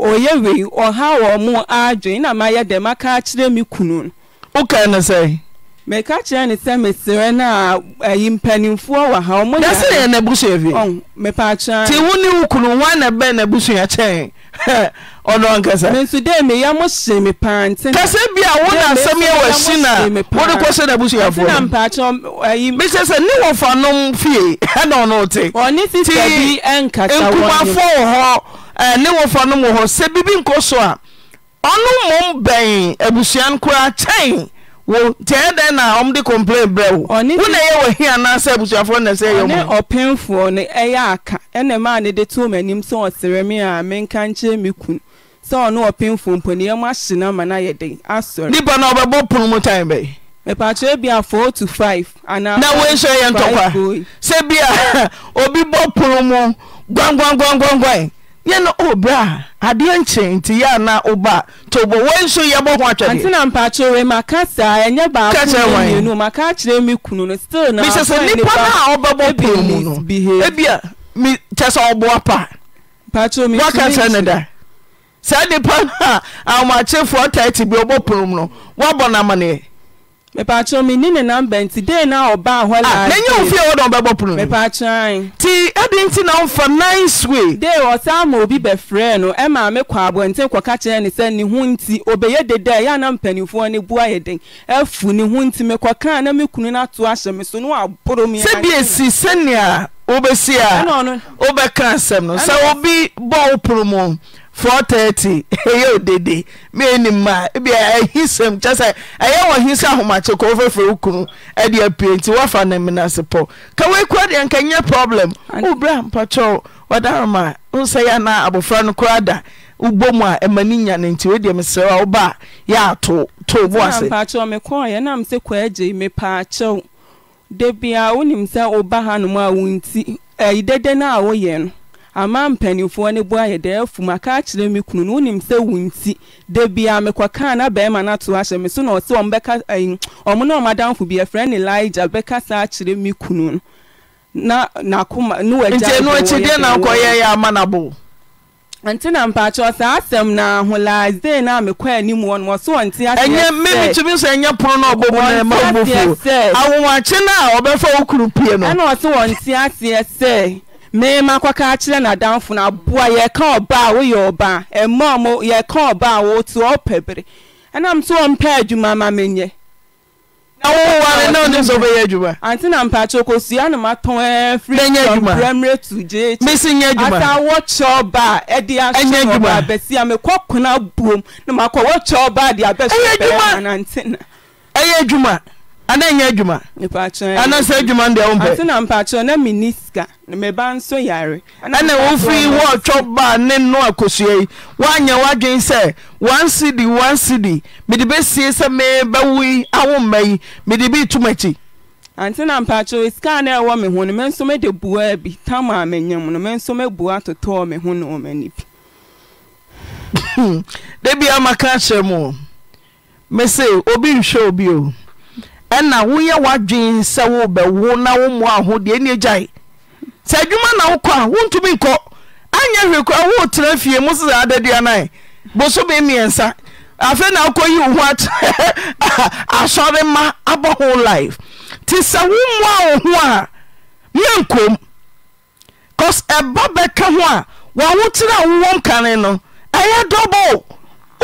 ɔyɛ wei ɔha wɔ mo adwen na mayɛ dɛ maka kyerɛ me kunu woka no sɛ meka kyerɛ ne sɛ meserɛ no a ayi mpanimfoɔ wɔ ha ɔmo yɛ sɛ yɛ n'abusua fi mepaakyerɛ nti wo ne wo kunu wa na bɛn n'abusua kyɛn ɔno ankasa kasa bi a wo na asɛm yɛ wɔ hyi na wode kɔ sɛ n'abusuafoɔ mesɛ sɛ ne wɔfanom fie ɛna ɔno wote nti nkumafoɔ wɔ hɔ ne wɔfanom wɔ hɔ sɛ biribi nkɔ so a ɔno mmom bɛn abusua no koraa kyɛn ntiɛ dɛn na ɔmde complain berɛ wowona ɛyɛ wahia anaasɛ abusuafoɔ nɛ sɛ ɛyɛne ɔpemfoɔ no ɛyɛ aka ɛnɛ ne de sɛ a menka nkyerɛ me kun sɛ ɔne ɔpemfoɔ mpaniɛm ahye no ama no ayɛ den asɔre na ɔbɛbɔ pono mu bɛyi bia to yɛ ntɔkwa sɛ bia obi bɔ pono mu yɛno obi oh, a nti a tobo wei nso yɛbɔ ho atwɛdeɛntina mpakyɛwei maka saa ɛnyɛ baakonu maka kyerɛ me kunu no stil a ɔbɛbɔ paa mu no ebia kyɛ sɛ ɔboa pa woaka sɛ ne da saa nnipa no a awomaakyerɛfoɔ 30 bi no mepɛakyerɛ menni ne na nti dɛn na ɔbaa hɔ ah, lamenyɛ wo fie wɔ dɛ ɔbɛbɔ pono mepɛakyerɛ nti ɛde nti na womfa nice way de ɔsaa ama obi bɛfrɛɛ no ɛmaa me kɔ abɔnten kɔka kyerɛ ne ne nti obɛyɛ deda yɛ ana mpanimfoɔ ne bua yɛ den afu ne nti mekɔkaa na 430 ɛyɛ odede maịlị mma ebi kyɛ sɛ ɛyɛ wɔ hisa ahomakyɛ kɔ kunu ade apue nti woafa no menase pɔ ka woikua deɛ nka nye problem wobrɛ mpakyɛw wadaroma nsa yɛ na abofra no koraa da wobɔ mu a ɛma ne nya nti mesrɛ yɛ ato to ase wonim sɛ a no a eh, no ama mpanimfoɔ ne bo ayɛ dɛ afum aka akyerɛ me kunu no wonim sɛ wo nti da bia mekɔkaa na bɛrima no ato ahyɛ me so na ɔse ɔm bɛka ɔmo na ɔmadamfo bi ɛfrɛ ne laija bɛka saa akyerɛ me kunu no na nakoma ne wagya nti ɛno akyi deɛ na nkɔyɛ yɛ ama na bo nti na mpakyɛ saa asɛm na aholaze na mekɔ anim wɔ no wɔso ɔnte aseɛ sɛ ɛnyɛ memetumi sɛ ɛnyɛ pono na ɔbɔ mu na ɛma wobofuo awomakye no a ɔbɛfa wo kuru pie no ɛna ɔse wɔnte aseɛ sɛ mmarima akɔka akyerɛ n'adamfo no aboa yɛka ɔba a woyɛ ɔba a ɛma mo yɛka ɔba a wotu ɔpɛ bere ɛnam nso ɔmpɛ adwuma ma menyɛ e, ante na mpakyɛ kosua no matɔn friprimrɛ to gyeekyata wɔkyɛ ɔba a ɛde ahyɛ ɔba abɛsi a mekɔ kona buom na makɔ wɔkyɛ ɔba a de abɛsɛ bɛɛ ma nante ɛyɛ adwuma ana nyɛ adwuma ana sɛ adwuma no deɛ wompɛ na mpakyerɛ na menni sika na meba nso yare ɛna wofiri wɔɔtwɔ baa ne no akosua yi woanyɛ w'adwen sɛ one cd one cd mede bɛsie sɛ mebɛwo yi awomma yi mede bi tom akyi ante na mpakyerɛ sika na ɛwɔ me ho no me nso mede bua bi tam a menyam no me nso mebua totɔɔ me ho no ɔmani bi da bia maka kyerɛ mu mese obi nhwɛ obi o ɛna woyɛ w'adwen sɛ wobɛwo na wo mmoa aho deɛ nni gyae sɛ adwuma na wokɔ a wontumi nkɔ anyɛ hwɛ koa adị fie mo sesa adaduana bosome mmiɛnsa afei na wokɔ yi wo ho akyerɛ asɔre ma abɔ ho life nti sɛ wo wo ho a menkom cause ɛba bɛka ho a wɔawokyerɛ a wowɔ nkane no ɛyɛ dɔbɔo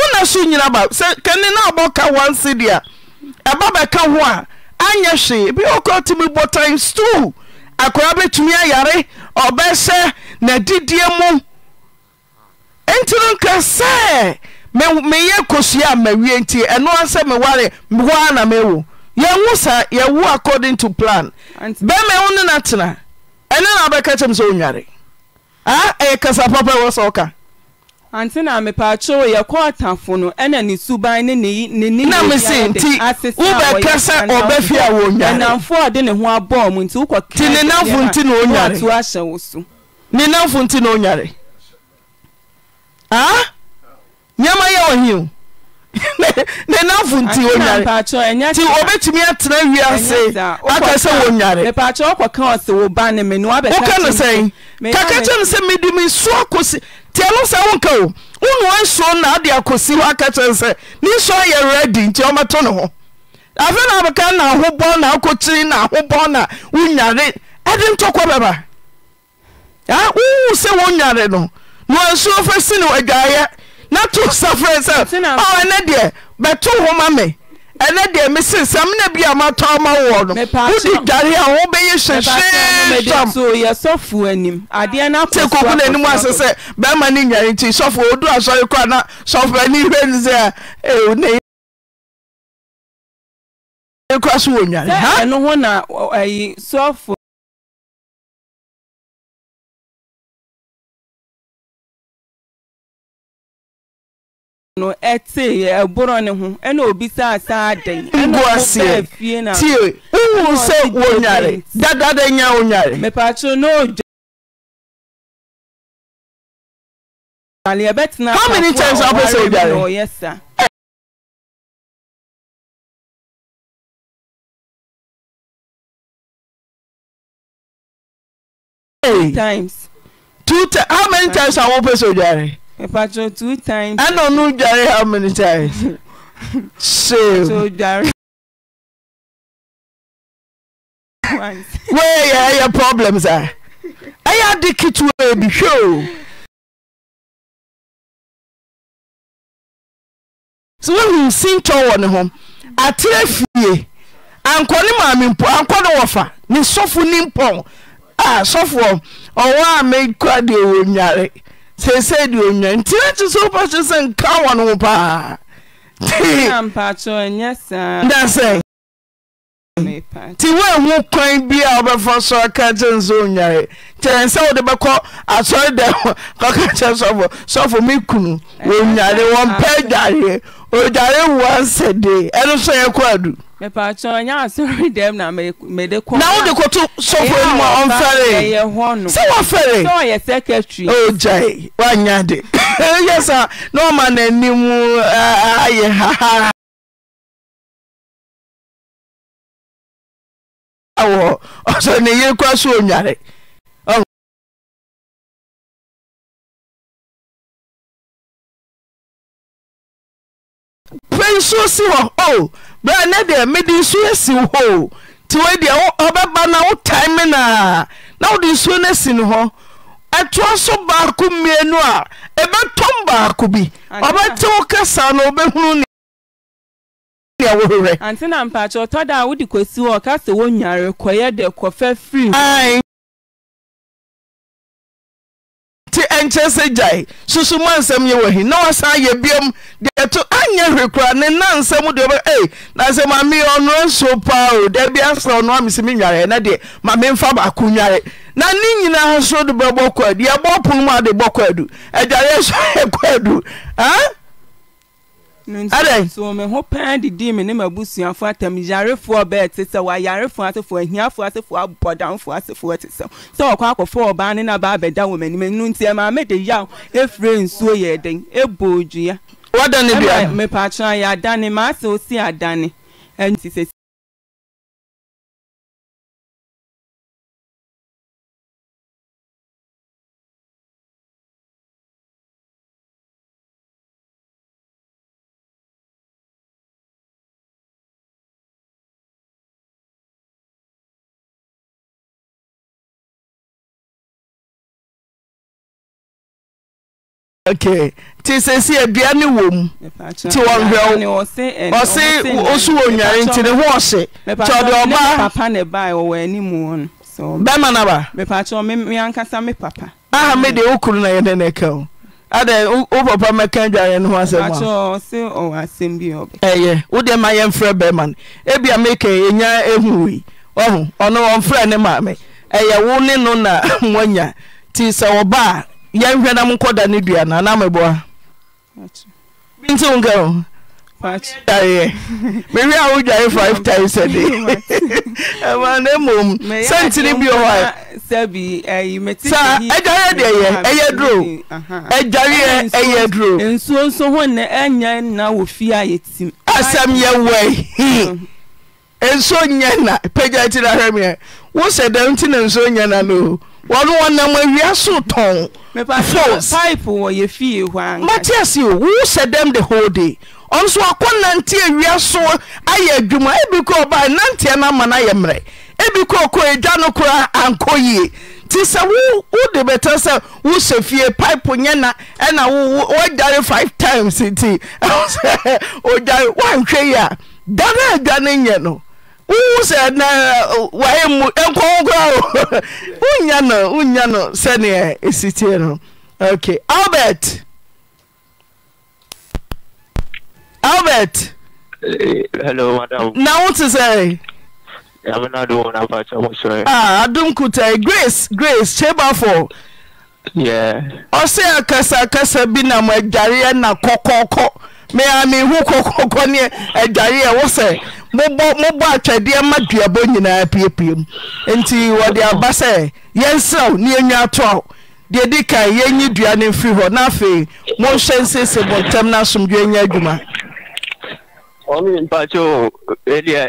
wona so nyina ba sɛ kani na abɔ ka a ɛba bɛka ho a anyɛ hwee bi ɔkɔte mebɔtim stol akora bɛ tumi ayare ɔbɛhyɛ na didiɛ mu nti ro nka sɛ meyɛ kosua amawie nti ɛnoa sɛ meware hoa na mwo yɛwo sa yɛwo accoding to plan bɛ ma wo ne na tena ɛnɛ na abɛka kyɛmesɛ wonareyɛkasapapas ah, ante na mepatwo yɛkɔ atafo no ɛna ne suban ne nenam si nti wobɛka sɛ ɔbɛfi a wɔnyanamfoɔ ɔde ne ho abɔɔ mu nti ne nti na ɔnyare ahyɛ ne namfo nti na nenafo nti onyarenti obɛtumi atena wiase aka sɛ wɔ no sɛn kaka kyɛ no sɛ mede mesuo akɔsi tiano sɛ wonka o wonoa nsuo na ade akɔsi hɔ aka kyɛ no sɛ ne nsuo ayɛ werɛdi nti ɔmɛto ne ho afei na abɛka na ahobɔn na akɔkyiri na ahobɔn na wonyare ɛde ntɔkwa bɛba wowu sɛ wonyare no noa fɛ si ne adwaeɛ na to safrɛ sɛ ɛnɛ deɛ bɛto homa me ɛnɛ deɛ mese sɛm na bi a matɔ ma woɔ no wode dware a wobɛyɛ hyehyesɛmte koko no anim ase sɛ bɛrima no nyare nti sɔfo ɔdu asɔre kora na sɔfo ani hwɛ ne sɛ a kora so wɔ nware no ɛte ɛboro ne ho ɛna obi saa saa na tie wohu sɛ wonyare dadada nya wonyare mepatro na odwa yɛbɛtena patro two times. know n'ụdjarị how many times? shame. wee yɛ ɛyɛ problems a ɛyɛ ade ketewa bi hwɛ o sɛ wohu sintɔ wɔ ne ho aterɛ fie ankɔ ne maame mpo ankɔ ne wɔfa ne sɔfo ni mpɔn a sɔfoɔ ɔwɔ a mekura deɛ wɔ nyare seesei deɛ onwa nti na kye sɛ sɛ nka wɔ no ho paa da sɛ nti woahu kwan bi a wobɛfa so aka kye n sɛ onware kyerɛ sɛ wode bɛkɔ asɔre dɛ kɔka kyerɛ sɔfo sɔfo me kunu wɔnware wɔmpɛ adwareɛ odware woa nsɛ de ɛno so yɛkɔ adu mepatɛ ɔnyɛ asɛre dɛm na mede kɔ na wode koto sɔfo a sɛ ɔyɛ oh, de sa na ɔma n'anim ayɛ wɔ ɔsɛ ne so nsuo si hɔ o oh, berɛ a deɛ mede nsuo asi deɛ ɔbɛba na ọ bụ me na wode nsuo no asi no hɔ ɛtoa so baako mmienu a ɛbɛtɔm baako bi ɔbɛte wo na wobɛhunu neawowerɛ ante na ɔtɔ da a wode hɔ ɔka sɛ kɔyɛ kɔfɛ firi nkyɛ sɛ gyae susoma nsɛm yɛ wɔ hi na wasae ayɛ biom deɛ to anyɛ hwere koraa ne na nsɛm o deɛ ɔobɛ na sɛ mameyɛ ɔnoɔ nsuo paao daabi asɛ ɔnoa amesim nwareɛ nɛ deɛ ma memfa baako ware na ne nyina soro de bɛbɔ kɔ adu yɛbɔ ponomu ade bɔ kɔ adu agyareɛso yɛ kɔ adu nti me ho paa didi me ne mabusuafo atam yarefoɔ bɛɛ te sɛ wayarefoɔ asefoɔ ahiafoɔ asefoɔ abɔdamfoɔ asefoɔ te sɛ sɛ wɔkɔ akɔfɔ ɔbaa ne naba abɛda wɔ m'anim no nti maame de yaw efiri nsuo yɛ den ebo odua. wadane bia ɛbɛ mepatran yɛ adane maa sɛ osi adane ɛnti sɛ. nti sɛsi abia ne wɔ mu nti wɔhwɛ ɔse ɔso wɔ nware nti ne ho e na ba aha mede wo kuru na ada papa mɛka dwareɛ eh, e e no ho asɛm ɛyɛ wodeɛ ma yɛmfrɛ bɛma no ebia meka ɛnya ɛhuwei ɔho ɔno ne maame ɛyɛ eh, wo ne no na sɛ a yɛnhwɛ na monkɔda ne duana na meboa a, ka dareɛ mewie a wodware 5 times ɛde na mmom sɛntine bi wɔ hɔ sa adwareɛ deɛ yɛ ɛyɛ duro adwareɛ ɛyɛ duro asɛm yɛwɔ nsuo nyɛ na pagya ti na hwɛ meɛ wo sɛ dɛm nti na nsuo nyɛ na no o nwɔnam awia so tɔnf matias yio wo sɛ dɛm de hoday ɔnso ɔkɔnanti awia so ayɛ adwuma bi kɔ ba nanteɛ no ama no ayɛ mmerɛ ebi kɔɔ ɔkɔ adwa no koraa ankɔ yie nti sɛ wode mɛta sɛ wosɛ fie pipe nyɛ na ɛnawoagyare 5 times ti ɛ wogyare woantwɛ yi a da ra a adwa ne yɛ no wowu sɛ na waɛ mu ɛnkɔwo korao wonya no wonya no sɛnea tie no ok albert albert na wote sɛ adom kotae grace grace kyebafo ɔsɛ akasakasa bi na m adwareɛ na kọkọọkọ mi mehu kɔkɔkɔ ne adware ɛwɔ sɛ mobɔ atwɛdeɛ ma duabɔ nyinaa piepiem nti wɔde aba sɛ yɛnserɛw ne yɛnwa atoa deɛ di kan yɛnyi dua no mfiri hɔ na afei monhyɛ nsiesie mo ntam no asomdwe nya adwuma mpakyɛ ɛdeɛ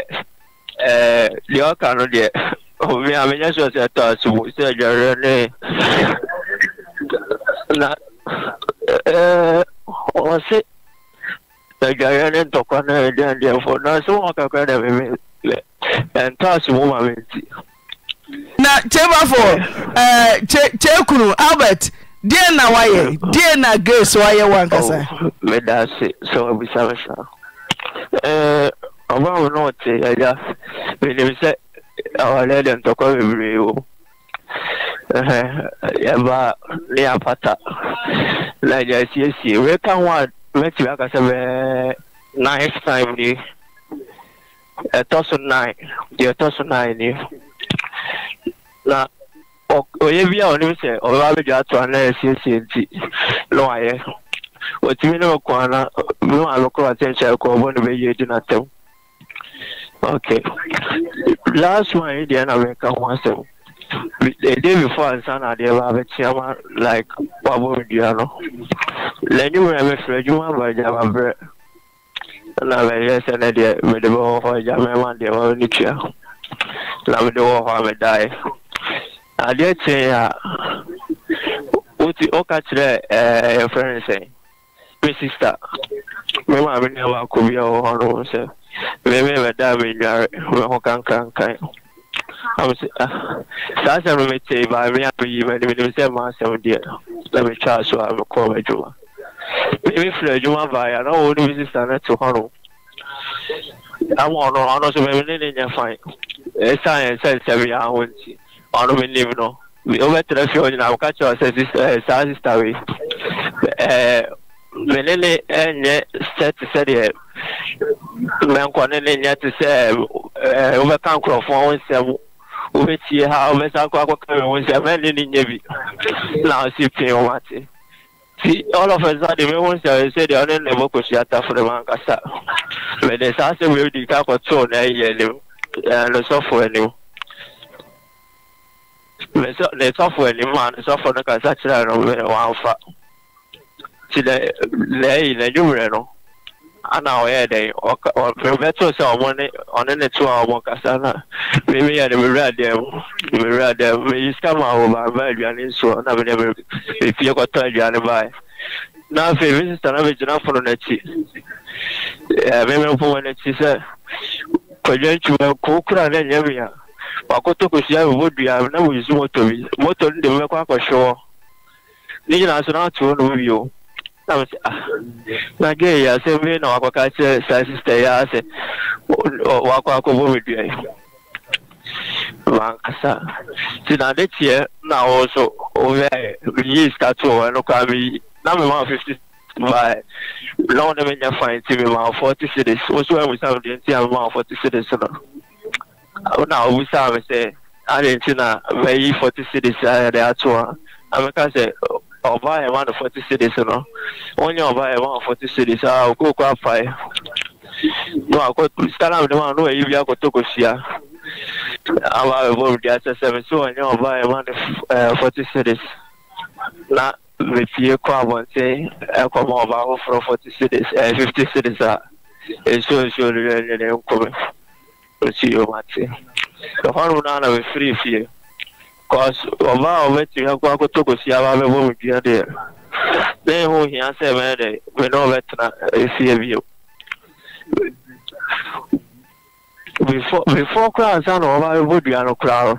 deɛ ɔka no deɛ mea menyɛ sɛ sɛ ɛtɔ asobo sɛ adwareɛ ne na ɔse ɛgya yɛ ne ntɔkwa na ɛdeɛ deɛ fo na sɛ wɔn kakra na ɛmɛmɛ lɛ ɛntaase mu ma me nti. na kyebafo ɛɛ kye kyekunu albert deɛ na wayɛ deɛ na grace wayɛ wankasa. meda ase sɛ wabisa me saa ɛɛ ɔbaa mu na ɔte ɛgya menim sɛ awale de ntɔkwa bebree wɔ ɛhɛ yɛba ne apata na ɛgya siesie weka ho a. mɛtumi akasɛ mɛɛ ninth time ni ɛtɔ so nine ɛtɔ so nine ni eh, na onye bi a ɔnim sɛ ɔbɛba abɛdwa ato ana ɛsiesie nti na ne ana bi ma mɛkoro atɛnkyɛ ɛkɔ ɔbɔ ne bɛyɛ di n'atɛm okay last one yi deɛ na mɛka ho asɛm the day before ansa na ba abɛkyia ma like wabɔ me dua no n'anim ma mefrɛ adwuma aba gya na mɛyɛ sɛ ne deɛ mede bɛwɔ hɔ agya mɛma deɛ ma tua na mede wɔ hɔ a medaeɛ adeɛ kyee a woti kyerɛ yɛfrɛ me sister bi wɔ hɔ no sɛ meme mɛdaa menware mɛho Uh, saa asɛm me metee baa me abɛyi m'anim nim sɛ ma asɛm deɛ na metwaa so a mekɔɔ m'adwuma mefiri adwuma baeɛ na wɔ no bi sisa no te hɔ no ama ɔno ɔno nso mɛme ne ne nyɛ fan ɛsiane sɛ nsɛm yɛ aho nti ɔno menim no wobɛtrɛ fie ɔnyina woka kyerɛ sɛ saa sista wei me ne ne nyɛ sɛ te sɛdeɛ mɛnkɔ ne ne nyɛ te sɛ wobɛka nkurɔfoɔ ho nsɛm wobɛtie ha wobɛsa kɔ akɔka me ho sɛ mɛne ne nya bi na ɔse pii womate nti all of a sudden mehu sɛ sɛdeɛ ɔne ne bɔkɔsua tafere ma ankasa mede saa sɛ wɛdi ka kɔtoo na ɛyɛ anim ne sɔfo anim ne sɔfo anim a ne sɔfo no kasa kyerɛ no mene wamfa nti na ɛyi n'anwummerɛ no ana ɔyɛ dɛn ɔbɛto sɛ ɔne ne to a kasa na mimi yɛ de mi wura dɛm de mi wura meyi sika ma ba aduane na mi ne kɔtɔ aduane baa na afei mi na mi fono n'akyi ɛɛ mimi n'akyi sɛ kɔdwa ne nyɛ wakoto dua na moto bi moto no de wɔ ne nyinaa so na no Ah. na ya se mi na wakwa ka se ya se wakwa ko bo mi dia ma kasa ti na de tie na o o ve ri sta to wa no ka mi na me ma 50 my long na me fine ti me ma 40 cities o so we sa de ti 40 cities so no na o we sa we se a de ti na ve 40 cities a de amaka se ọba ẹ one forty cedis ah, no wọn yẹ ọba ẹ one forty cedis a okoko afa ẹ no akɔ salam ne ma no ɛyi bi akɔtɔ kɔsia aba ɛbɔ mu di asɛ sɛ mesi wɔn nyɛ ɔba ɛma ne ɛɛ forty cedis na mepie kɔ abɔnten ɛkɔma ɔba foforɔ forty cedis ɛɛ fifty cedis a nsuo nsuo ne ne ne nkɔmɛ osi yom ate ɛhɔnom naa na mefiri fie cause ɔbaa a ɔbɛtumi akɔ akɔtɔ kɔsi aba abɛbɔ me dua deɛ na ɛho hia sɛ mɛyɛ dɛ me ne ɔbɛtena ɛsia bio before before koraa nsa na ɔbaa bɛbɔ dua no koraa no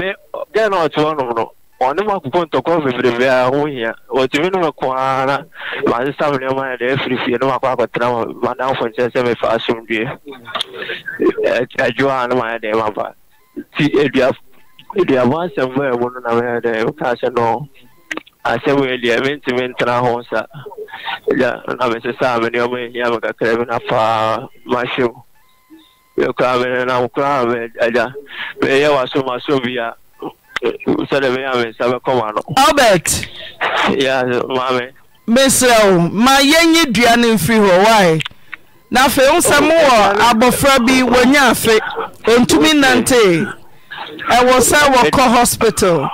me gɛɛ na ɔte hɔnom no ɔne mu akokɔ ntɔkwa bebrebe a ho hia wɔtumi no mɛko ara na masesa me nneɛma yɛ dɛ afiri fie no makɔ akɔtena madamfo nkyɛn sɛ mefa asomdue adwoa a no mayɛ dɛ maba nti aduafo deɛ abụọ bɛɛ mu no na mehɛ dɛ wokaa sɛ no asɛm yɛ deɛ ahụ ntena ho a na mese saa me nneɔma ɛhia me kakra bi na paa mahye mu yɛkoraa menenam koraa agya meyɛ wasomaso bi a sɛdeɛ mɛyɛ me nsa bɛkɔma no albert ya maame mesrɛ wo ma yɛnyi dua no mfiri hɔ wae na afei wo sɛ mowɔ abɔfra bi wɔnya afe ɔntumi ɛwɔ sɛ wɔkɔ hospital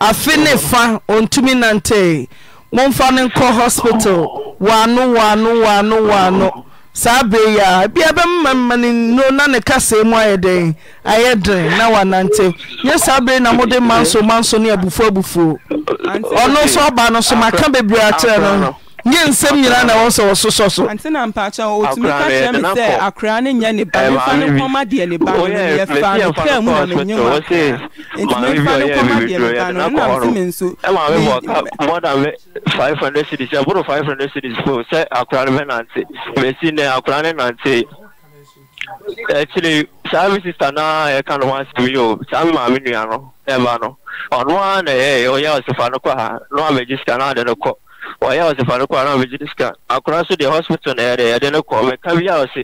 afe ne fa ɔntumi nantee momfa no nkɔ hospital wɔanowɔanowɔanowɔano saa bere yi a bia bɛmmamaneno na ne kasee mu ayɛ dɛn ayɛ den na wɔanante nyɛ saa bere na mode manso manso ne abufuo abufuo ɔno nso ɔba no so maka bebree akyerɛ no nye nsɛm nyinaa na wɔn sɛ wɔsosɔ so. ante na mpakyɛ o tumi ka kyerɛ mi sɛ akora ne nya ne ba nifa ne kɔma deɛ ne ba no oh, yɛ fa ne kaa mu na ne nye wa nti nifa ne kɔma deɛ ne ba no ɛna nse mi nso. ɛma mi bɔ more than five hundred cities ɛboro five hundred cities fo sɛ akora ne bɛ nante mesi ne akora ne nante actually saa mi sista naa ɛka no wa si mi o saa mi maame nua no ɛba no ɔno ara na ɛyɛ ɔyɛ ɔsefa no kɔ ha no abɛgye sika naa de no kɔ. ɔyɛ ɔsefane kɔ ana ɔbɛgye sika akora so deɛ hospital na ɛyɛde ɛde no kɔ ɔbɛka bi a ɔse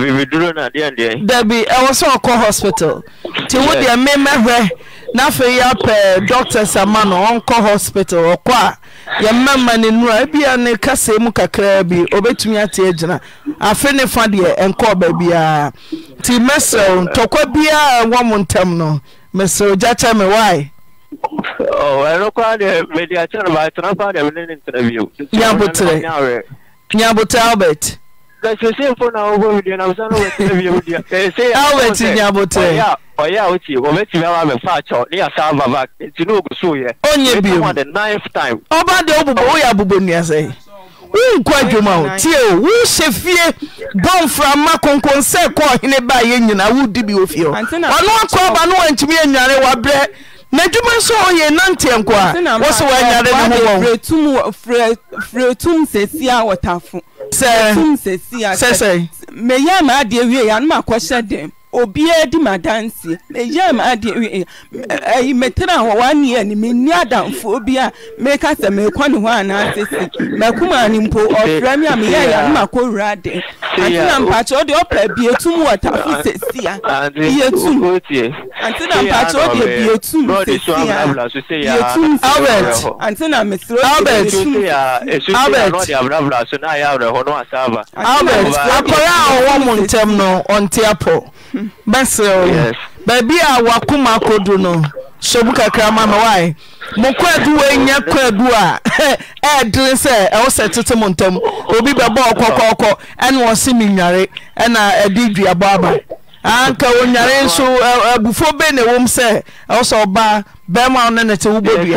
bibiduro no adeɛ ndeɛ dabi ɛwɔ sɛ ɔkɔ hospital nti wo deɛ memmɛhwɛ na afei yɛapɛ doctors sama no ɔnkɔ hospital ɔkɔ a yɛmmɛma ne nura ebia ne kasa mu kakraa bi obɛtumi ate agyina afe ne fa deɛ ɛnkɔɔ baabiara nti mɛsrɛ wo ntɔkwa biara ɛwɔ mo ntam no mesrɛ wo gyakyɛ me wae Oh, nyabote albert oh, albert nyabote ɔyɛ a wotie wɔbɛtumi na me fa akyɛw ne yasa ava back nti ne ogu so yɛ ɔnyɛ biom the ninth ɔba de wobobɔ woyɛ abobɔ nnua sɛ wonkɔ adwuma o tie o fie n'adwuma nso ɔyɛ nanteɛ nko a wɔsɛ wɔanyare ne ho wɔn frɛtum sɛsi a wɔtafo sɛ sɛ sɛ meyɛ maadeɛ wie yɛ anoma akɔhyɛ dɛm obiara di ma meyɛ ma adeɛ eh, ɛyi eh, eh, metena hɔ one year ni menni bi a meka sɛ mekɔ ne hɔ anaa sisi mɛkuma ne mpo ɔfrɛ mi a meyɛ yɛ anum akɔwura adeɛ antena mpakyɛ ɔde ɔpɛ bietum wɔ tafo sesia bietum antena mpakyɛ ɔde bietum sesia bietum albert antena mesiro albert albert albert akɔla a mu ntɛm no ɔnte apɔ. Hmm. bɛsew baabi a wakoma akɔdu no hyɛbu kakra ma no wae mo kwaadu woanya kwaadu a ɛɛdene sɛ ɛwo sɛ tete mo ntam obi bɛbɔɔ kɔkɔɔkɔ ɛne ɔse me nnware ɛna ɛde duabɔ aba anka onyare nso abufo be na wom sɛ ɛwɔ sɛ ɔbaa bɛrima wo ne ne te wobɔduanti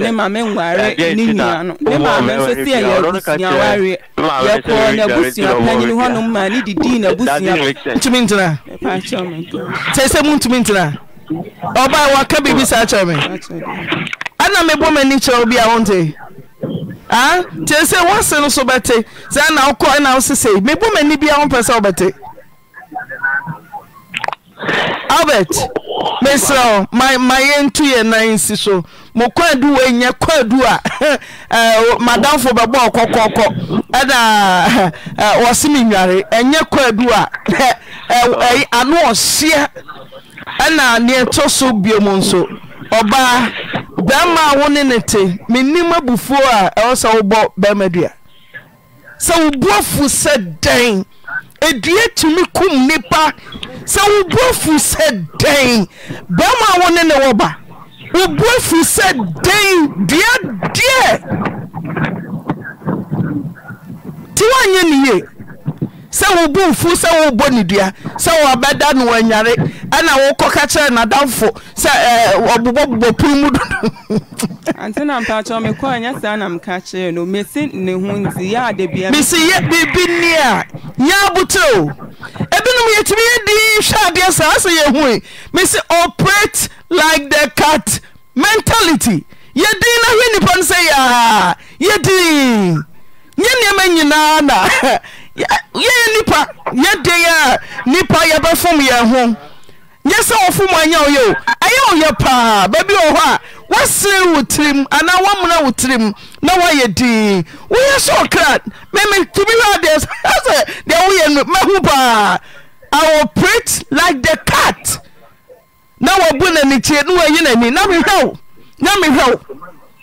na ma menware ne nua no ne maame nso n'abusua panyini hɔnom ma ne didii n'abusua ntumi ntena sɛ sɛ mu ntumi ntena ɔbaa biribi saa kyerɛ me ana mebɔ m'ani kyerɛ wo bi a wonte nti sɛ wose no so bɛte sɛ na wokɔ na wosesei mebɔ m'ani bia wompɛ sɛ wobɛte albert mesrɛ w ma yɛntu yɛ nan si so mo kwaadu wɔanya kwaadu a ah. eh, madamfo bɛbɔɔ kɔkɔkɔ ɛna wɔse eh, me nnware ɛnyɛ eh, kwaadu a ah. ano ɔhyeɛ ɛna neɛ tɔ so biomu nso ɔbaa bɛrima a wo ne ne te mennim abufuo a ɛwɔ sɛ wobɔ bɛrima dua sɛ wobuafu sɛ dɛn adua tumi kum nnipa sɛ wobuafu sɛ dɛn bɛrima a wo ne ne wɔ ba wobuafu sɛ dɛn dua deɛ nti woanyɛ ne yie sɛ wobu mfu sɛ wobɔ ne dua sɛ wabɛda no wanyare ɛna wokɔ ka kyerɛ nadamfo sɛ ɔbobɔbobɔ pon mu domesi yɛ biribi nni a yɛ aboteo ebinom yɛtumi yɛdi hwɛ adeɛ saa sɛ yɛhui mesi operate like the cat mentality yɛdin na hwɛ nnipa no sɛ yɛa yɛdin nyɛ nneɛma nyinaa na yɛyɛ nnipa yɛdɛ yɛ a nnipa yɛbɛfom yɛn ho nyɛ sɛ wɔfo m anya woyɛo ayɛ woyɛ paa ba bi wɔ hɔ a wosere wo tirim anaa womona wo tiri m na woyɛ di woyɛ sɛw kra mee tumi w deɛsɛdeɛ woyɛ n maho baa awɔ pret like the cat na wabu na ni kyi ne wyi nonine na mehɛw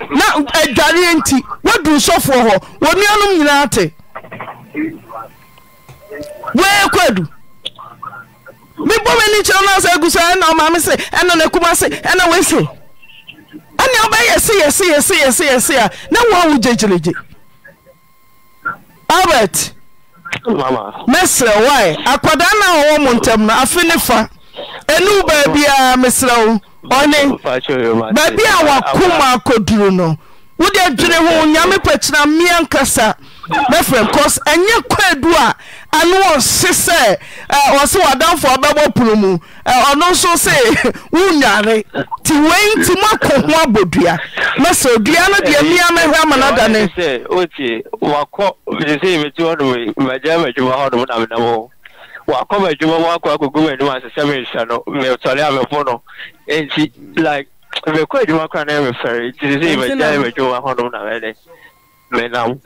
na adwareɛ eh, nti woaduru sɔfoɔ hɔ wɔ nnuanom nyinaa te wee kwadu mebɔ m'ani kyerɛ no asɛ agu so ɛna ɔmaame se ɛna n'akuma se ɛna woase ɛne wobɛyɛ seyɛseyɛseyɛseyɛse a na woa wo gyagyirɛgye albert mɛserɛ wae akwadaa na wɔwɔ mo ntam no afe ne fa ɛnu a mesrɛ wo ɔne baabi a wakoma akɔduru no wode dwene ho nyame pakyina mmea nkasa mɛfrɛ cause ɛnyɛ kwaadu a ano ɔse sɛ ɔse w'adamfo abɛbɔ pono mu ɔno nso sɛ wonware nti wei nti moakɔ ho abɔdua mɛsɛ dua no deɛ mmea mɛhwɛ ama no da wakɔma adwuma mu akɔ akɔgu m'anim ase no e a no nti like mekɔ adwuma kora na mefɛre nti sɛ mɛgyae m'adwuma hɔnom na mɛne menam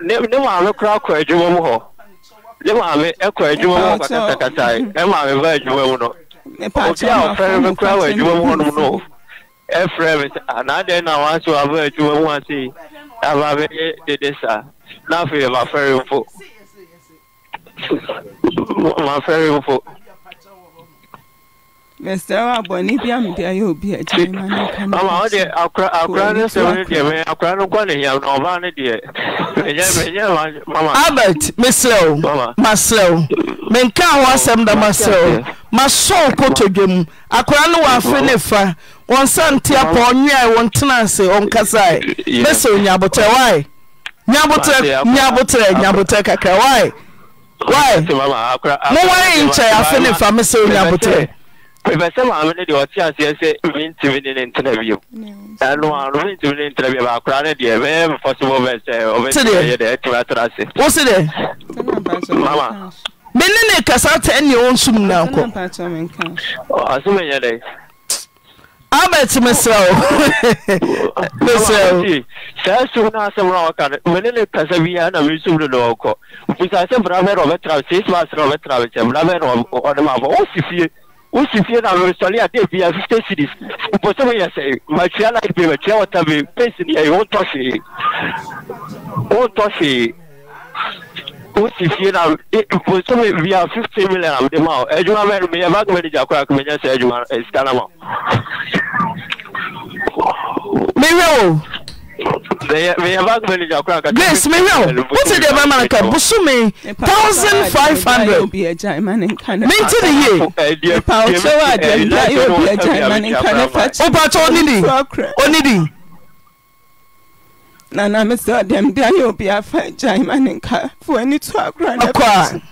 ne maame kora kɔ adwuma mu hɔ ne maame ɛkɔ adwuma mu maame ba adwuma mu no obi a kora wɔ adwuma mu no ɛfrɛ sɛ na wanse waba adwuma mu ase aba bɛyɛ dede mr abɔne bi amede ayɛ obi agye ma no ka ama ɔde akora no sɛ no deɛ me akora no kɔ ne hiam na ɔbaa no deɛ ɛnyɛ mama albert meserɛ wo maserɛ wo menka ho asɛm da maserɛ masɔw kotodwa akora no wɔafe ne fa wɔnsa nte apa ɔnweae wɔntena ase ɔnkasae mɛsɛ wo wae nyabotrɛ nyabotrɛ nyabotrɛ kakra wae why mo wari nkyɛn afe ne fa me sɛ onya abotire pepɛ sɛ maame no deɛ ɔte aseɛ sɛ mentumi ne ne ntena bio ɛno a no mentumi ne ntena bio baakora no deɛ bɛyɛ mfɔsebɔ bɛ sɛ ɔbɛyɛ deɛ atumi atena ase wo se dɛ mama mene ne kasa tɛ ne ɔnsum na nkɔ ɔsomɛnyɛ dɛ Albert mesrɛ wo mesrɛ wo saa so no asɛm no a wɔka no mene ne kasa biaa na mesum no na ɔkɔ mfisa sɛ bra bɛɛ na ɔbɛtra seis mas na ɔbɛtra mekyɛ bra bɛɛ na ɔde ma abɔ wosi fie wosi fie na mesɔre a dɛ bia fifty cities mpɔ sɛ moyɛ sɛ matua light bi matua wata bi pɛsi ne yɛ wontɔ hwee wontɔ hwee wosi fie na mposom bia fifty million a mede ma o adwuma mɛ no meyɛ bag mɛde gya koraa kmɛnya sɛ adwuma sika no ma mewɛ o meyɛ bag mɛde gya koraa grace mewɛ o wote deɛ bɛma no ka bosome thousand five hundred mente ne ye wopatɔ ɔne di ɔne di na nana mesɛ ɔdɛm de ayɛ obi afa gyaema ne nka foɔ ani to akora nɔkɔ a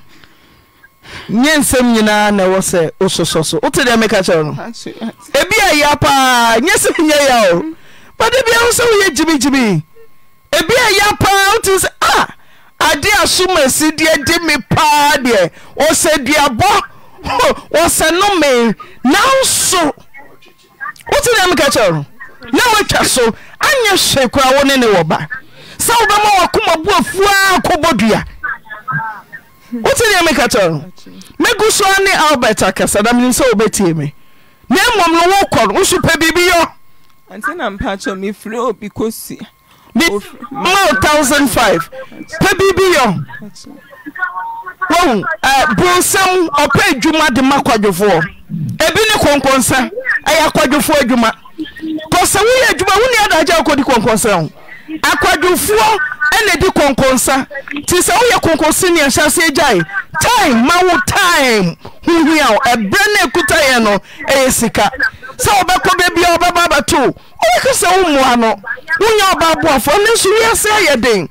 nyɛ nsɛm nyinaa na ɛwɔ sɛ wososɔ so wote deɛ meka kyɛw no ah, ebi a ya paa nyɛ sɛ nyɛ ya o bade bia wo sɛ woyɛ ebi a ya paa wote sɛ ah, a ade paa deɛ ɔsɛ duabɔ nanso wote deɛ meka no na so anyɛ hyɛ kora wone ne wɔba sɛ wobɛma wakomaboafua kɔbɔ duawoemaomɛu soane albert akasamnsɛwbɛem emmm nowokɔ s pɛbibiɔ5 pɛbibiyɔ bsɛm ɔpɛ adwuma de ma kwadwofoɔɔnsɛwadfoɔdw sɛ woyɛ adwuma wonni adaagye wokɔdi kɔnkɔnsa ho akwadwofoɔ nɛ di kɔnkɔnsa nti sɛ woyɛ kɔnkɔsa neahyɛse gyae tim ma wo time ho hiawo ɛbrɛ ne ɛkutaeɛ no ɛyɛ sika sɛ wobɛkɔ bɛbia wobɛbabɛtoo owɛkɛsɛ wo moa no wonya ɔbaboafo eh, ne so wise yɛ d aiyi0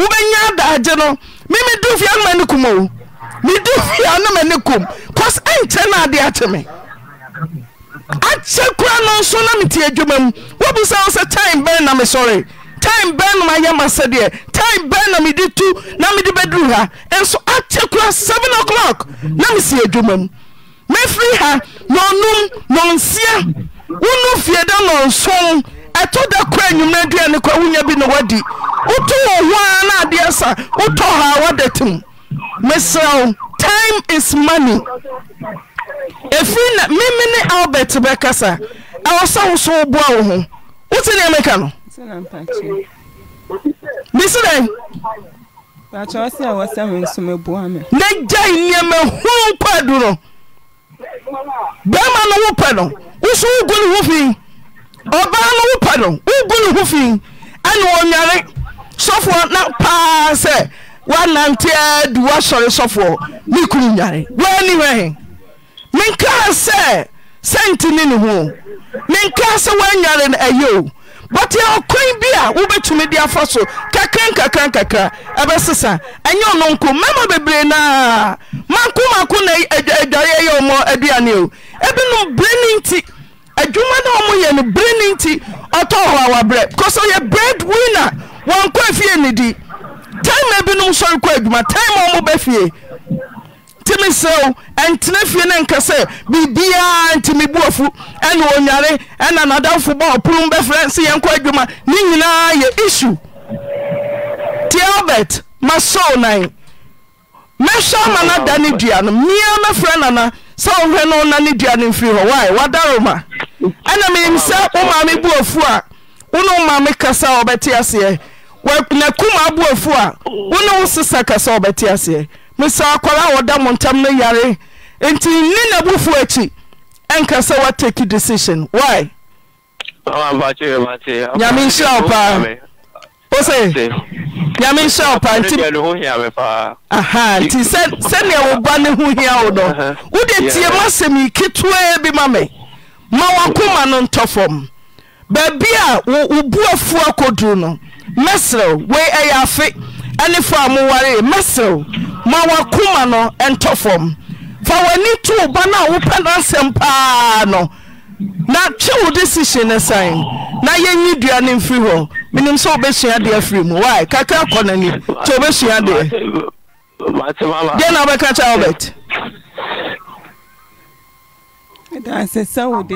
wobɛnya adagye no memedu fia no mane kom o medu fia no mane kom cause ɛnkyɛ no ade akyɛ me akyɛ kora no nso na mete adwuma mu wobisa wo sɛ time bɛn na mesɔre time bɛn na mayɛ masɛdeɛ time bɛn na mede tu na mede bɛduru ha ɛnso akyɛ kora 7 o'clock na mesi adwuma mu mɛfiri ha nɔnum nɔnsia wono fie da nɔnson ɛtɔ da kora anwumera aduane kora wonya bi ne woadi wotɔ wɔ ho ara na adeɛ sa wotɔ hɔ a woada tem mesrɛw time is money ɛfiri na meme ne albert bɛkasa ɛwɔ e sɛ wo so wo boa wo ho wote deɛ meka no misi dɛn na gyae nneɛma huru nkɔ adu no bɛrima no wo pɛ no wo so wogu ne ho fii ɔbaa no ụfọdụ pɛ no wogu ne ho fii ɛne wɔnyare sɔfoɔ na paa sɛ woananteaa du woasɔre sɔfoɔ ne kunu nyare woani nke he menkaa sɛ sɛnti ne ne ho menkaa sɛ woanyare no ɛyɛo but ɛɔkwan bi a wobɛtumi de afa so kakra nkakra nkakra ɛbɛsesa ɛnyɛ ɔno nko mama bebree noa mankomako na adwareɛ yɛ ɔmɔ aduane o ebinom berɛ ne nti adwuma ne ɔmɔ yɛne bereni nti ɔtɔɔhɔ awaberɛ caseyɛbrɛad inaereɛnenafie kɛ sɛ birbiaa ntimbuaf nanfp ɛfɛɛadwaneyinaayɛ se t albert masona mɛsɛ mana dane dua nomia mɛfrɛ nana sɛ wohɛ no ona ne dua ne mfiri hɔ wy woada roma ɛnna meyim sɛ wo mame buafu a wone womame kasa wɔbɛte aseɛ nakumaa buafu a wone wo sesa kasa wobɛte aseɛ mesaa kara a wɔda mo ntam no yare nti nni nabufo akyi ɛnka sɛ wataki decision wynyamenhyiawo paa ose nyame nhyɛ ɔpa nti aha nti sɛnea wo ba ne ho hia wo no wode tie ma asɛm yi ketewaa bi ma me ma wakoma no ntɔ fam baabi a wo bu afu akɔduru no mɛserew wei ɛyɛ afe ɛne fo a mowaree mɛserew ma wakoma no ɛntɔ fam fa w'ani to wo ba no a wopɛ no asɛm paa no na twe wo decision no san na yɛnyi dua no mfiri hɔ menim sɛ wobɛsua deɛ afiri mu wy kakra kɔ n'anim nti wobɛsua deɛ deɛ na wobɛka kyɛ albert sɛ afu ada wonkɔ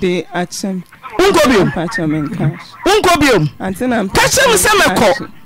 biom wonkɔ biom ka sɛ mɛkɔ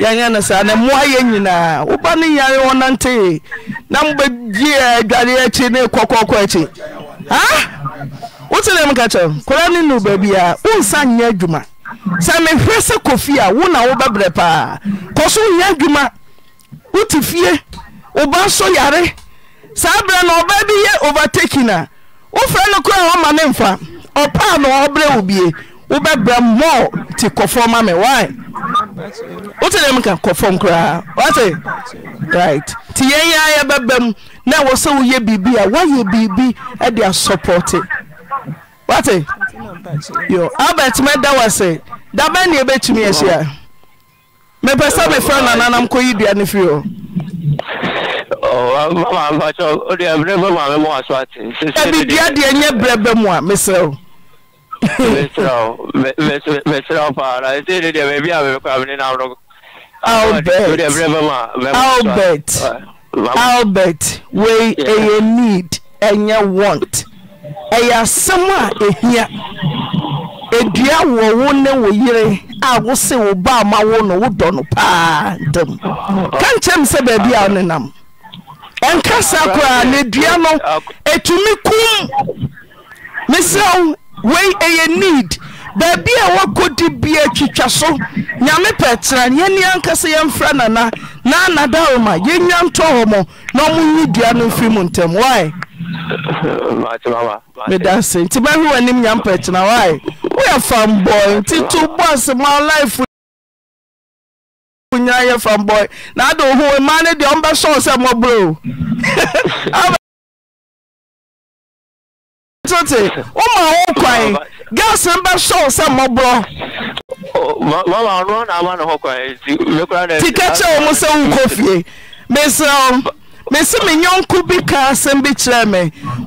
yɛnyɛ no saa ne mmoa yɛ nyinaa woba ne yare nante na mobɛgyiɛ adware akyi ne kɔkɔkɔ akyi a wotene m ka kyɛ kora ne no a wonsa nyɛ adwuma sɛ mehwɛ sɛ a wo na wobɛbrɛ paa kɔ so nyɛ adwuma wote fie woba so yare saa berɛ na ɔbaa bi yɛ overtaking a wofrɛ no koraa ɔma ne mfa ɔpaa na ɔbrɛ wo bie wobɛbrɛ mmɔɔ te kɔfɔ ma me why wote dɛ mka kɔfɔm koraa wate right nti yɛn yɛ yɛbɛbɛ mu na wɔ sɛ woyɛ biribi a woayɛ biribi de asɔpɔte wate yo albert mɛda wa sɛ dabɛ ne yɛbɛtumi ahyia mepɛ sɛ mefrɛ nananam kɔyi dua no firi hɔ oh, ebi dua deɛ nyɛ berɛ bɛ mu a mesrɛ wo mesrɛ albert albert wei ɛyɛ need ɛnyɛ want ɛyɛ asɛm a a wose wo ba ama wo no wodɔ no paa dɛm ka nkyɛn sɛ baabi a ɔnenam ɛnkasa koraa na edua no wei yɛ ned baabi a wokɔdi bia atwitwa so nyamepɛ tena n yɛniankasɛ yɛmfra nana na nadaoma yɛnwa ntɔ ɔ mɔ na ɔmonyi dua no mfii mu ntɛm edas nti mɛe wnnyapɛ ea woyɛ fam bɔy nti to bɔase malifo nyayɛ fam ɔy na ade uuma no deɛ ɔbɛsɛo sɛ mɔbrɛo tete ụmụ ahụ kwan gasị mba shọl sị mmọbụrọ. mama ọrụ ọ na-ama na ọ kwan ti mekwara na. tikechi ọmụ sị ụkọ fie mesịrị mesi me um, nyɔnko bi ka asɛm bi kyerɛ me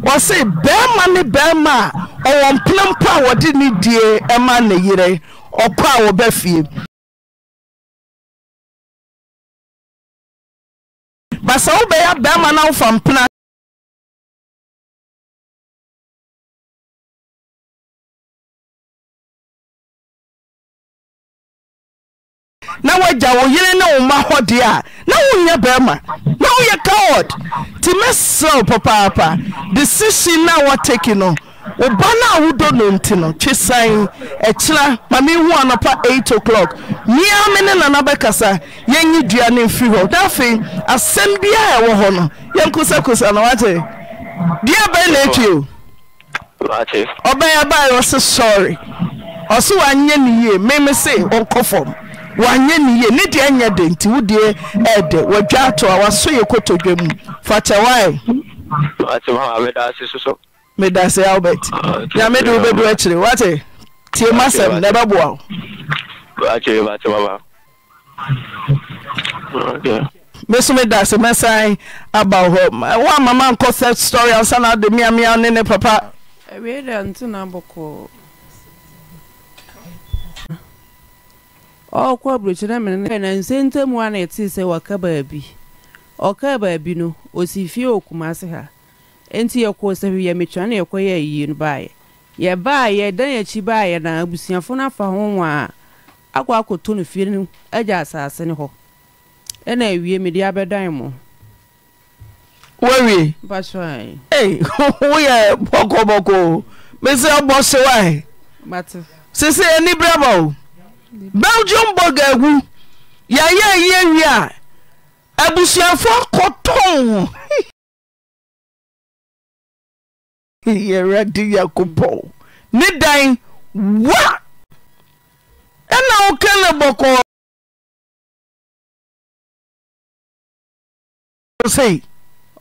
wɔse bɛrima ni bɛrima a ɔwɔ mplempo a wɔde ne die ɛma ne yere ɔkɔ a wɔbɛ fie basa wobɛyɛ bɛrima na wofa mpena na woagya wo yere ne wo mma hɔ deɛ a na wonyɛ barima na woyɛ coward nti mɛserɛ wo papaapa decision no a no wo no a wodɔ no nti no twe sane ma mehu anɔpa 8 o'clock mia me ne nana bɛkasa yɛnyi dua no mfiri hɔ na afei asɛm biara ɛwɔ hɔ no yɛnkosakosa no wate deɛ bɛn na ɛtwi o ɔbɛn abaayɛ ɔse sɔre ɔse wanyɛ ne yie meme se ɔnkɔ fam wayɛ neye ne deɛ ɛnyɛ de nti wodeɛ dɛ wadwa ato a wasoyɛ kɔtodwa mu fatɛ edase alert amede ah, wobɛduakyerewa tima sm baboao mɛso medase mɛsae abao hɔwoamama nkɔ so asanedemeaeanne papa Ọkwa aburokyerɛ mene mmiri na nsɛntɛm a na eti sɛ wɔka baabi Ọka baabi no osi fie oku ha nti yɛkɔɔ sɛ hwɛ yɛmetwa ne ya ayie no ya yɛbaa yɛdan akyi baa ya abusuafo no afa ho a akɔ akɔtɔ no fie no agya asase no hɔ ɛna awie mede abɛdan mo wawie woyɛ bɔkɔbɔkɔ mesɛ bɔ sewa ani belgium bɔgagu yɛayɛ yɛ wie a abusuafo akɔtɔn yɛwurade yakopɔn ne dan wa ɛna woka ne bɔkɔɔ sei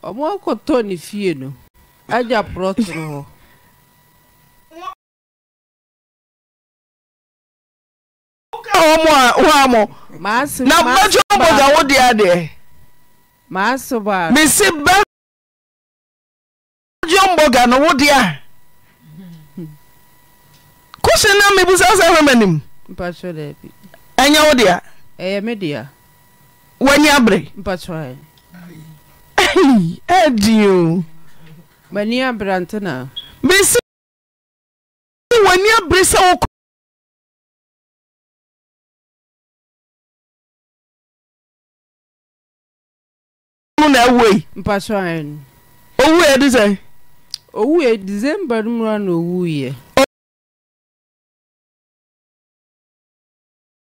ɔmo akɔtɔ ne fie no agya hɔ kamaa mɔnaba obɔ ga wodeɛa deɛmɛse bonbɔ ga no wodeɛ kose na mebusa sɛ fa manim ɛnyɛ wo dea waniaberɛa nbeɛ no na awuei owuiɛ de sɛ owuiɛ december no mura na owuiɛ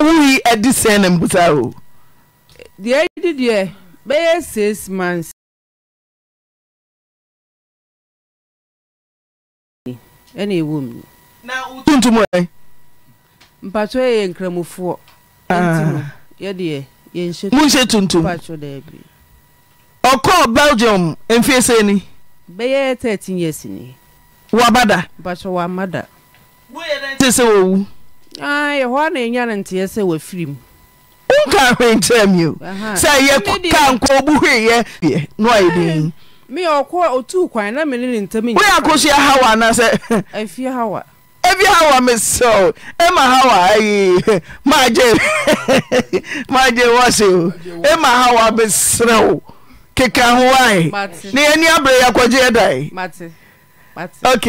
owui ɛde sɛn na mbusa o deɛ ɛdi deɛ bɛyɛ six months ɛna ɛwɔ mu na wotuntum ɛ mpatso yɛ nkramofoɔ ah. nti no yɛdeɛ yɛnhyɛ tuntum mpatso daabi ɔkɔɔ belgium mfiesɛ ni bɛyɛ 13 years ni wabada mpakyɛ wamma da te sɛ wɔwu yɛ hɔ a na ɛnya no nteɛ sɛ firi mu wonka hwee nkyerɛ mi o sɛ yɛ ka nka obu hweeyɛ na wayɛ din meyɛ ɔkɔ otu kwan na mene ne ntam woyɛ akɔhyia hawa anaasɛ Efi hawa ebi hawa mesɛw Ema hawa ayi magye magye wɔhye o ɛma hawa mesrɛ keka nwanyị wae ne abụrụ ya yɛ akwagye ɛdae ok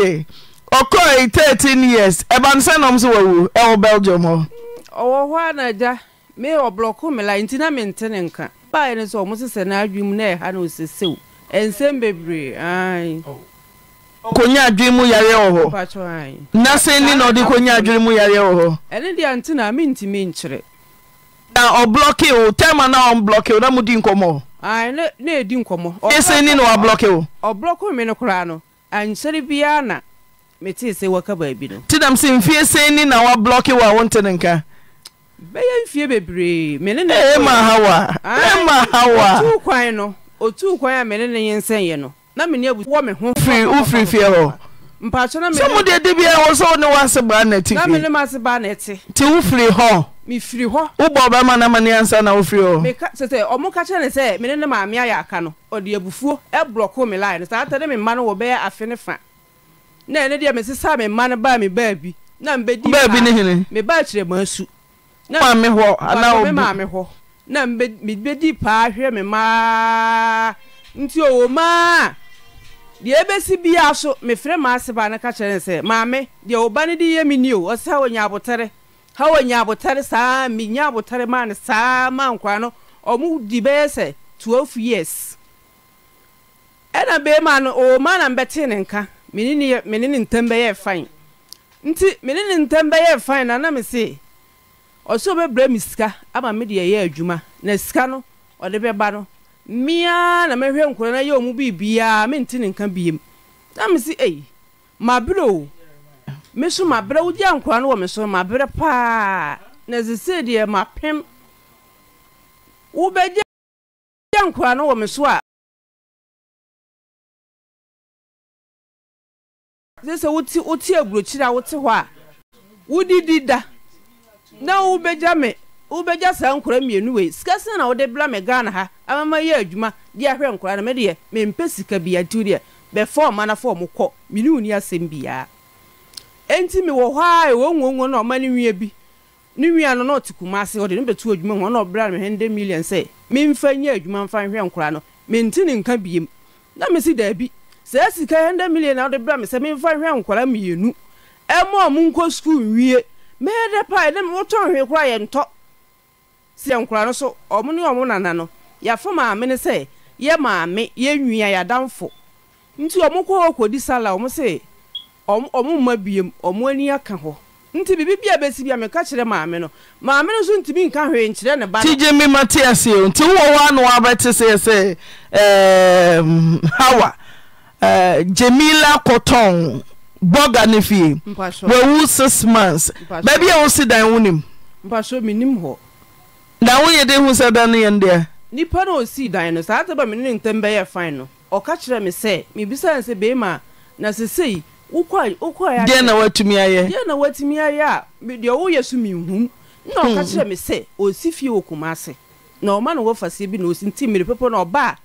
ɔkɔe 13 years ebe no na nom so wawu e belgium ọ ɔwɔ hɔ na agya mela nti na mente nka baɛ no sɛ ɔmo sesɛ na ɛha konya mu wɔ na ni na ɔde konya mu wɔ hɔ ɛne deɛ na nkyerɛ na na na ɛdi nkɔmmɔ ɛsɛ ni na wablɔke wo ɔblɔko e me no koraa no ansɛre bia na metee sɛ waka baabi no nti dam sɛ ni na wablɔke wo a wonte ne nka bɛyɛ mfie bebree mene nema eh, hawa ma hawa ɔtuu eh, kwan no kwan a mene ne no na mene abu wɔ me ho wofiri fie hɔ sɛ mode de biaa wɔ sɛ wo ne woase baa na ti nti wo firi hɔ wobɔ ɔbɛma ma na wo firi hɔ ɔmo ka kyerɛ ne sɛ mene ne maame ayɛ aka no ɔde ebufuo blɔko me lae no saa no afe ne fa na ɛne deɛ no baa na ne hene kyerɛ maame hɔ hɔ na paa hwɛ maa nti deɛ ɛbɛsi biaa so mefrɛ maase baa no ka kyerɛ ne sɛ maame deɛ woba no de yɛ menni o ɔsɛ ha wɔnya abotare ha wɔnya abotare saa menya abotare maa no saa ma nkwaa no ɔmo di bɛyɛ sɛ 12 years ɛna bɛɛma no ɔwɔ ma na mbɛtee ne nka mene ne ntam bɛyɛ fan nti mene ne ntam bɛyɛ fan na na me se ɔsɛ ɔbɛbrɛ me sika ama me deɛ ɛyɛ adwuma na sika no ɔde bɛba no mmea na mehwɛ nkura na yɛ ɔmo biribiara mente ne nka biem na me si ei mabrɛ o me so mabrɛ wogya nkura no wɔ me so mabrɛ paa na sesee deɛ mapem wobɛgya nkura no wɔ me so a sɛ sɛ wote wote aburokyiri a wote hɔ a wodidi da na wobɛgya me wobɛgya saa nkora mmienu wei sika sɛ na wode bla me ghana ha amama yɛ adwuma de ahwɛ nkora no medeɛ mempɛ sika bia nti deɛ bɛfa ɔma no fa ɔmo kɔ mene woni asɛm biaa enti mewɔ hɔ a ɛwɔ nwonwo na ɔma ne nwia bi ne nwia no na ɔte kuma ase ɔde ne bɛto adwuma ho na ɔbra me hɛndɛ million sɛ memfa nyɛ adwuma mfa nhwɛ nkora no menti ne nka biem na mesi daabi saa sika hɛndɛ million na wode bra me sɛ memfa nhwɛ nkora mmienu ɛma ɔmo nkɔ sukuu nwie mɛyɛ paa ɛdɛ me wotɔ nhwe koraa yɛ ntɔ tiɛ nkura no so ɔmo ne ɔmo nana no yɛafo maame ne sɛ yɛ maame yɛ nwia yɛadamfo nti ɔmo kɔ hɔ kɔdi sala ɔmo sɛ ɔmo mma biem ɔmo ani aka hɔ nti biribi bi a bɛsi bi a meka kyerɛ maame no maame no nso ntumi nka hwee nkyerɛ ne ba no tigye mi ma te ase o nti wowɔ hɔ a na wabɛte sɛ sɛ hawa jemila kɔtɔn bɔga ne fie wawu six months baabi a wosi dan wo nim mpasɛ menim hɔ da woyɛ de hu sɛ da no yɛ n deɛ na no dan no saa ta ba mene ntam bɛyɛ fan no ɔka kyerɛ me sɛ na ne sɛ beima a na sesei wokɔdeɛ na ya ayɛ ya na woatumi ayɛ a deɛ woyɛ so menhum na ɔka hmm. kyerɛ me sɛ ɔsi fie wɔ kuma ase na ɔma no wɔfaseɛ bi na osi nti mmirepɛpɔ na ɔba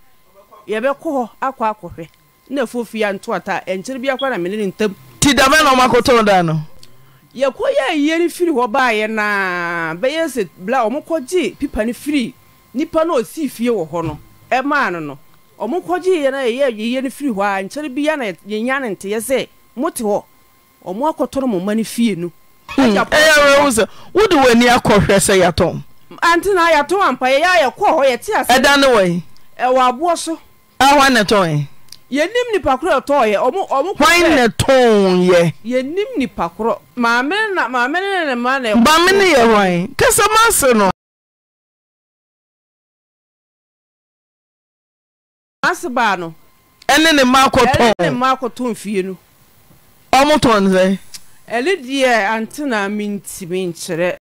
yɛbɛkɔ hɔ akɔ akɔhwɛ na afofie ntoata ɛnkyɛre bi akɔ na mene ne ntam nti dabɛ na ɔmakɔtɔn ya no yɛkɔ yɛ ayie no firi hɔ baayɛ naa bɛyɛ sɛ bla ɔmo kɔgye pipa no firi nipa no ɔsii fie wɔ hɔ no ɛmaa no no ɔmo kɔgye yɛ no yɛyɛ ayie no firi hɔ a nkyɛn bi yɛ na yɛnya ne nteɛ sɛ mote hɔ ɔmo akɔtɔ no mo ma no fie no. Hmm, ɛyɛ awɛ sɛ wode w'ani akɔhwɛ sɛ yɛatɔn. ante na yɛatɔn ampa yɛyɛ a yɛkɔɔ hɔ yɛte ase. ɛda ne wɔ yi. ɛwɔ aboɔ so. ahwa ne tɔn yi. yɛnim nnipa korɔ ɛtɔɔyɛ ne tɔyɛ yɛnim nnipa korɔ maame ne yɛ hwan kɛsɛ maase no maase baa no ɛne ne maakɔtɔn fie no ɔmotɔn sɛ ɛne deɛ antenaa mentimi nkyerɛ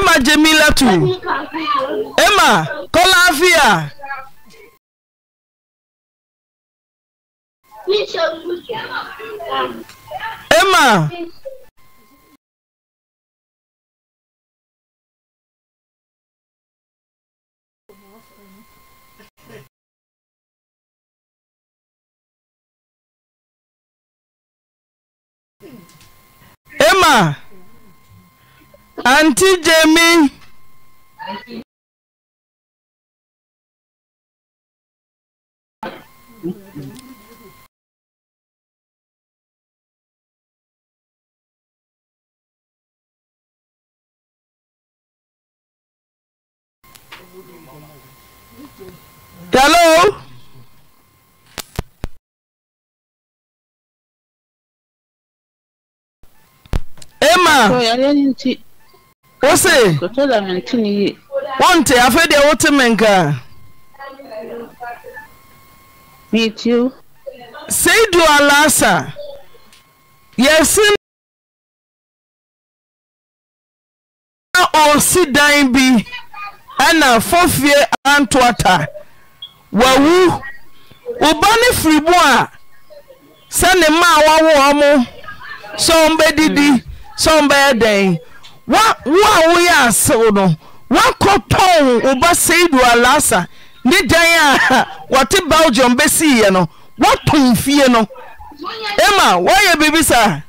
Emma Jemilatu Emma Kọ́láfíà. Emma. Emma. Auntie Jamie. Hello. Emma wose wonte afei deɛ wote me nka seidu alasa yɛsi na ɔsi dan bi ɛna fɔfie antoata wawu woba ne firibu a sɛ ne mmaa wawo ɔmo sɛ ɔmbɛdidi sɛ ɔmbɛyɛ wo a woyɛ asew no woakɔtɔn wo ba seido alasa ne dan a wɔte belgium bɛsiiɛ no woatɔn fie no ma woayɛ biribi saa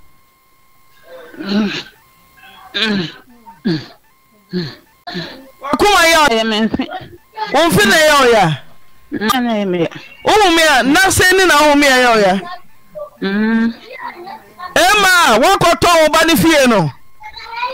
wakoma yɛ womfe na ɛyɛ ɔyɛ wohome a na sɛ ni na wohome a ɛyɛ ɔyɛ ɛma mm. woakɔtɔn wo ba ne fie no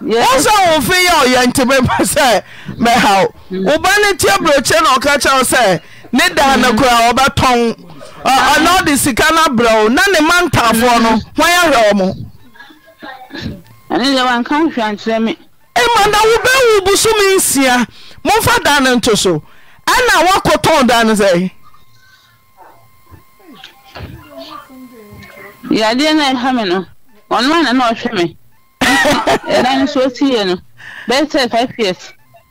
Ọ sɛ womfe yɛ ɔyɛ ntemɛma sɛ mɛhaw woba no tia brɛkyɛ na ọ kyɛwo sɛ ne daa no koraa ɔbɛtɔn ɔna ɔde sika na abrɛwo na ne ma ntafoɔ no hwan ahwɛ wɔ mo mana wobɛwu bu som nsia momfa daa no nto so ɛna woakɔtɔn daa no sɛ yadeɛ na ɛha me no ɔnoma na na ɔhwɛ me ɛna nso esi no bɛyɛ sɛ five years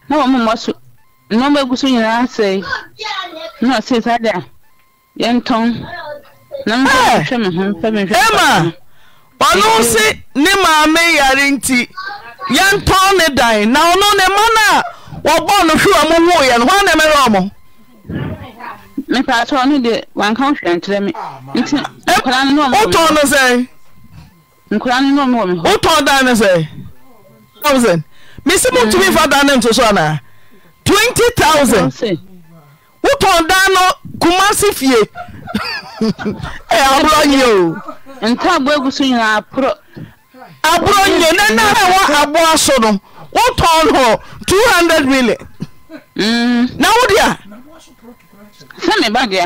na wɔn mu mɔso nneɛma egu so nyinaa na ɔsi sa de a na ho hwɛ ɔno ne maame yare nti yɛntɔn ne dan na ɔno ne no a wɔbɔ no no na deɛ wotɔ hmm. da ne sɛ thousand mesi motumi mfa da ne nto so anaa twenty thousand wotɔn da no kuma se fie ɛ aborɔ nyɛ o A pụrụ onye na ɛwɔ aboa so no wotɔn hɔ two hundred million hmm. na a.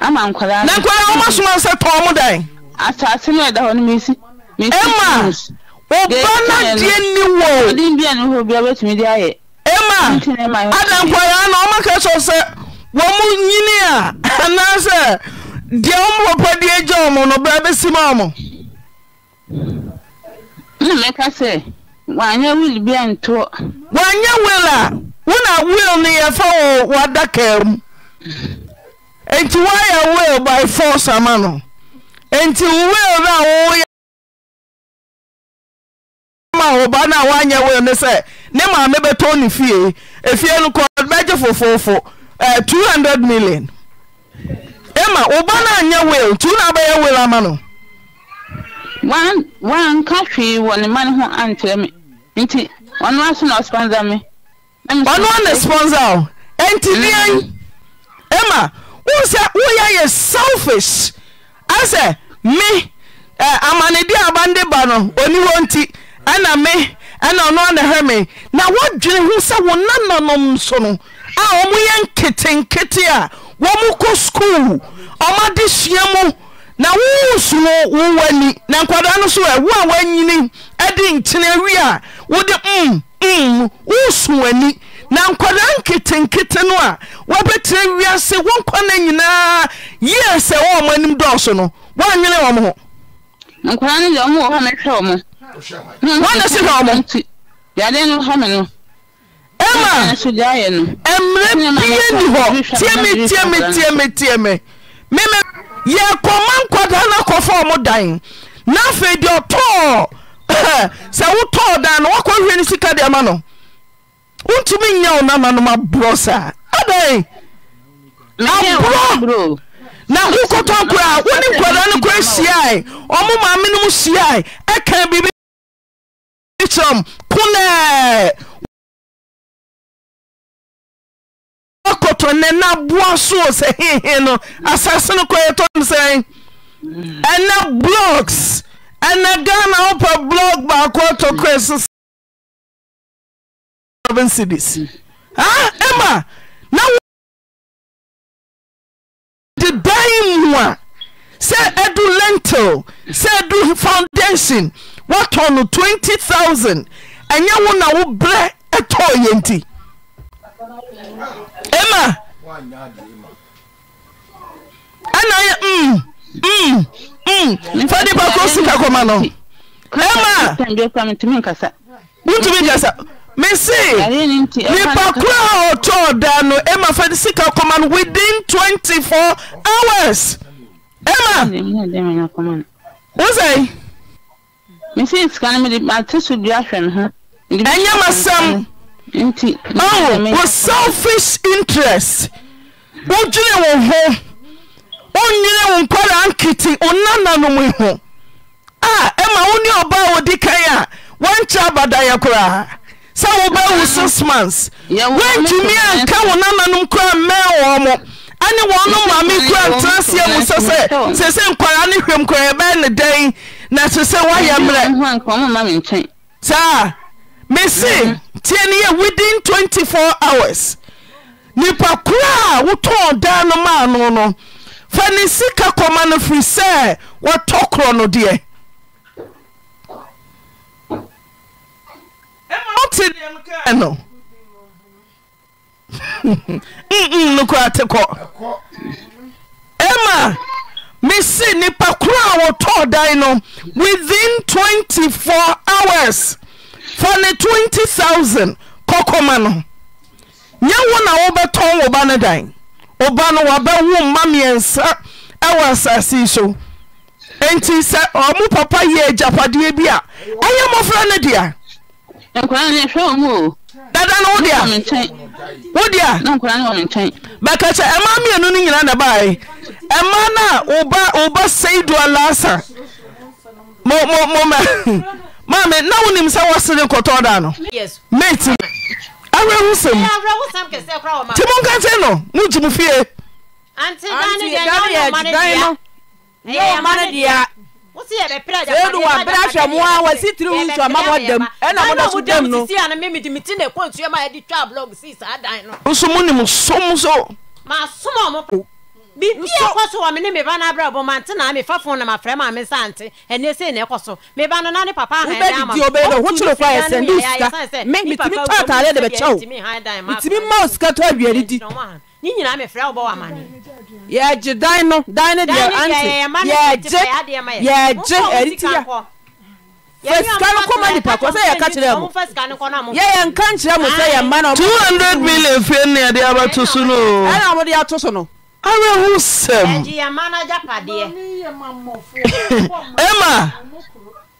ama nkwadaa na nkwadaa ọma soma nsẹ tọ ọmụ dan. asase na ịda hɔ no mesi. ɛma ɔba n'adeɛ ni wɔ. ɔdi bi a ne bi a bɛtumi de ayɛ. ɛma ada nkwadaa na ɔma ka sɔ sɛ wɔn mu nyini a anaasɛ deɛ wɔn papa de agya wɔn no bɛrɛ bɛsi ma wɔn. na mɛka sɛ wanyɛ will bi a ntoɔ. wanyɛ will a wɔn a will no yɛfa wɔ wadaka mu. nti woayɛ will by force ama no nti wowel no a wowoyɛ ma wo ba no a woanyɛ wel ne sɛ ne maame bɛtɔ ne fie efie no kɔ bɛgye fofoofo ɛɛ two hundred million ɛma wo ba no anyɛ wel tu na abɛyɛ wel ama no. wanka hwee wɔ ne ma ne ho ankyerɛ me nti ɔno aso na ɔsponsor me. ɔno ne sponsor o nti deɛ mm. ɛma. wo sɛ woyɛ yɛ selfise asɛ me eh, amane deɛ aba n de ba no ɔnni hɔ nti ɛna me ɛna ɔno anahɛ me na wodwene ho sɛ wo na nanom so no ah, a ɔmoyɛ nketenkete a wɔ mukɔ skuul ɔmade sua mu na woosumo wow'ani na nkwadaa no so ɛ wo a woanyini de nkena wie a wode m mm, mu mm, wosuw ani na nkwadaa nketenkete no a wɔbɛtena wiase wɔnkɔ no nyinaa yie sɛ wɔn ɔmo anim dɔɔso no wɔanyere wɔn ho. nkwadaa no deɛ ɔmo wɔ hɔ na ɛhwɛ ɔmo. wɔn na ɛsi hwɛ ɔmo. yadeɛ no hɔ mi no. ɛma mmerɛ pie ni hɔ tiemi tiemi tiemi tiemi mmemme yɛ kɔma nkwadaa no akɔfa ɔmo dan na afei ɔtɔɔ sɛ wotɔɔ dan no wakɔ hwɛ ne sika deɛ ma no wontumi nya wo nananom aborɔ saa adɛn aborɔ na wokɔtɔ koraa wone nkwadaa no kora hyiae ɔmo maame no mu hyiae ɛka biribi kyerɛm konɛɛ wakɔtɔ ne na boa soo sɛ hehe no asase no kora yɛtɔm sɛn mm. ɛna blogs ɛna ghana wopɛ blog baako atɔ kora sesa seven cities ah emma now the de one, say a sɛ ɛdu lentil sɛ ɛdu foundation what on twenty thousand ɛnyɛ wo na wo brɛ ɛtɔɔ yɛn ti emma ɛna yɛ mm mm mm fa nipa koro sika kɔma no emma wuntumi kasa mesi nnipakuo a ɔtɔɔ daa no ɛma fa de sika kɔma no within 24 hours ɛma wo sɛe ɛnyɛ masɛm oh wo selfish interest wodwene wo ho wonnwene wo nkwaraa nkete onnana no mu ho a ah, ɛma wo ne ɔba a wodi kan a wɔankyerɛ abadayɛ koraa sɛ wobɛwo sismonth wondwumi a nkɛ wo no nanom kuraa mɛɛ wɔ mo ane wɔnomaame kura ntara seɛ mu sɛ sɛ sesei nkwara ne hwɛm kurɔyɛbɛɛ ne dɛn na ɛse sɛ woayɛ merɛ saa mese tie ne yɛ within 2f ours nnipa koraa wotɔɔ daa no maano no fa ne si ka kɔma no firi sɛ wɔatɔ korɔ no deɛ wote deɛ mkaa no nokora te kɔ ɛma mese nnipa koro a wɔtɔɔ dan no within 24 hours fa ne 20000 kɔkɔma no nyɛ wo na wobɛtɔn wo ba no dan woba no wabɛwo mma miɛnsa ɛwɔ e asase so enti sɛ ɔmo papa yɛ agyapadeɛ bi a ɛyɛ mmɔfra no dea dada no wodea wodea a kyɛ ɛma mmienu no nyina na baɛ ɛma no woba seidoalaasa mame na wonim sɛ wɔsere kɔtɔ da no mat awerɛho sɛmnti monka nte no mogye mo fie ɛde aberɛ hwɛ moa wasitiri ho nsu ama noadam ɛna moda s dam no nso monim som so smenemeba no brɛbmantnmfa fo nmfmamsant nsnɛkso meb n n papa wobɛdidi ɔbɛyɛnɛ ho kyerekɔ yɛ sɛde osika me metumitoataale de bɛkyɛwometumi ma osikatɔ adiare di yɛagye dan no dan no dɛnɛyɛye retia fɛ sika n kɔmanitakɔ sɛ yɛka kyerɛ muyɛ yɛnka nkyerɛ mu sɛ yɛma n20 mifɛ nneadeɛ btos nonɛ mde ato so no abɛho sɛmma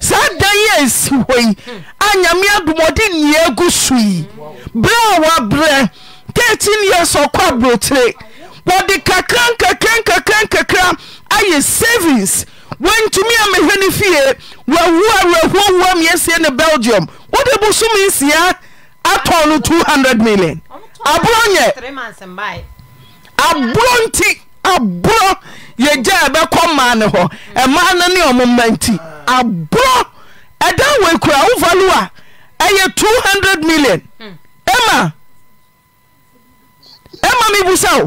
saa da yɛ asi hɔ yi anyame adomɔde nnea gu su yi berɛ a wɔaberɛ 13 years ɔkɔ aborɔkyere wɔde kakrankakrankakra ayɛ savings I'm a mehwɛ no fie wɔawu awerɛhoɔwua miɛsie ne belgium wode bosom nsia atɔ no 200 million aborɔ nyɛ aborɔ nti aborɔ yɛgya ɛbɛkɔ mmaa ne hɔ mmaa no ne ɔmoma nti aborɔ ɛdan wɔ kura wo valo a ɛyɛ 200 million ma ma mebusa wo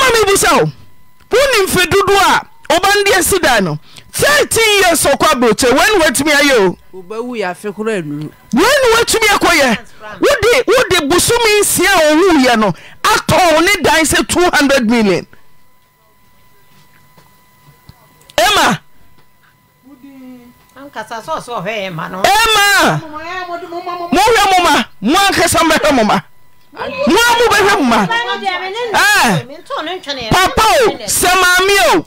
ma mebusa wo wonim fɛ dodoɔ a ɔba ndeɛ sidan no thirteen years ọkọ aburokye wọn ni wọtumi ayé o. ọba wu yà fẹ kúrò ẹnu. wọn ni wọtumi ẹkọ yẹ wọde wọde busumi nsia ọhún yẹ no atọ ọhún dan sẹ two hundred million. emma. ankasa sọọsọ ọhẹ ẹ ma no. emma mo hwẹ mo ma mo ankasa mbẹ hwẹ mo ma. m eh. a mu bɛhɛ muma papao sɛ maameo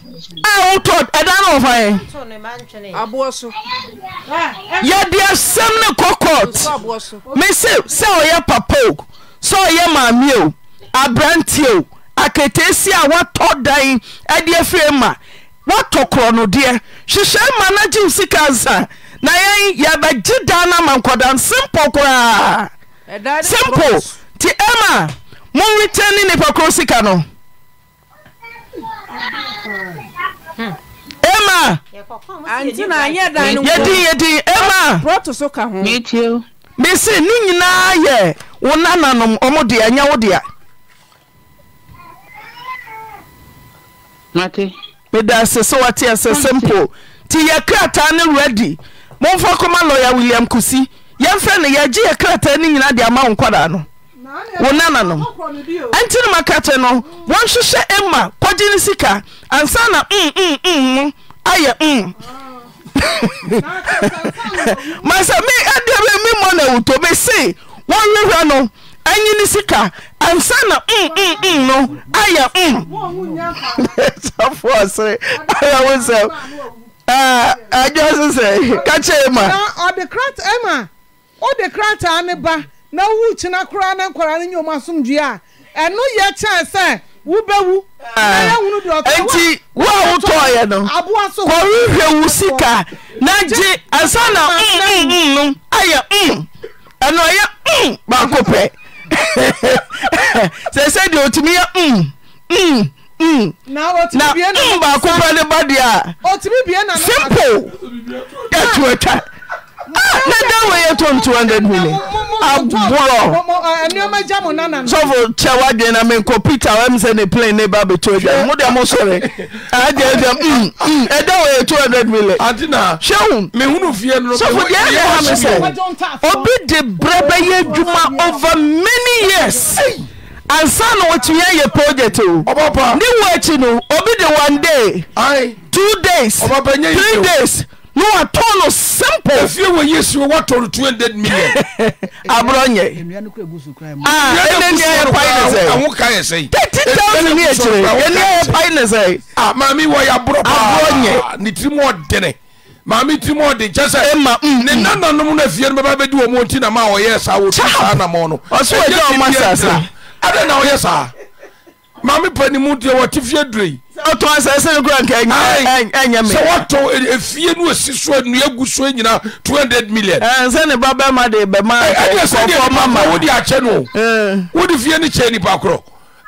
ɛda n ɔfaɛ yɛdeɛsɛm ne kokot mese sɛ ɔyɛ papao sɛ ɔyɛ maameo abrantio akɛtesi a woatɔ dan adeɛ firi ma woatɔ korɔ no deɛ hyehyɛ ma nagyewo sika nsa na yɛ yɛbagye da no ama nkɔdan simpo koraa sp nti ɛma moretane nipɔ krɔ sika no mayɛinɛin ma mise ne nyinaa yɛ wo na nanom ɔmodea nyɛ wo deatyɛkra taa ne wradi momfɔ kɔmalɔ ya william kosi yɛmfɛ no yɛagye yɛkra taa ne nyinaa deɛ ama wokdaa n wo nananom ɛnti no maka kyɛ no wɔnhwehyɛ ma kɔgye ne sika ansa na mm, mm, mm, no ayɛ masa me adeɛ bɛ me mmɔ no awuto mese wɔnhwehwɛ no anyi ne sika ansa na no ayɛ safoɔ sere ayɛ wo sɛm adwa se sɛ ka kyɛ ma ɔde krataa ne ba na wu kyina koraa ne nkwaraa ne nyoma asomdwe a ɛno yɛ kyɛn sɛ wobɛwu nti wo a wotɔɔyɛ no kɔrehwɛ wo sika na gye ansa na no ayɛ ɛno ɔyɛ baako pɛ sɛ sɛ deɛ ɔtumi yɛ na baako pɛ ne ba deɛ a simple yɛtoatwa ah, na da wɔ yɛ tɔn 200 million agorɔ eh, sɔfo kyɛ wadwene na menkɔ peter wm sɛ ne plane ne ba bɛto agya mo deɛ mo sɔre agyaagya ɛda wɔ yɛ 200 million hwɛ wo sɔfo deɛ ɛne ha me sɛ obi de berɛ bɛyɛ juma over many years ansa na wɔtumi ayɛ project o ne wɔ akyi no obi de one day two days three days ɔpfie wɔ yɛ si watɔno 200 millionɛsɛ0mamewyɛ rɔ ne trimden mametrimdeɛne mm, mm. nananom no afiɛ no bɛbabɛdi ɔmti namaɔyɛ saɔsaa nam nnyɛ s maame panimu deɛ wɔte fie durei ɔtɔ asɛ sɛ ne kura nka ɛnyɛ me sɛ wɔtɔ efie no esi so nnua gu so nyina two hundred million. sɛ ne ba bɛɛ ma de bɛɛ ma kɔkɔ ma ma wodi akyɛ no wodi fie ne kyɛ nipa korɔ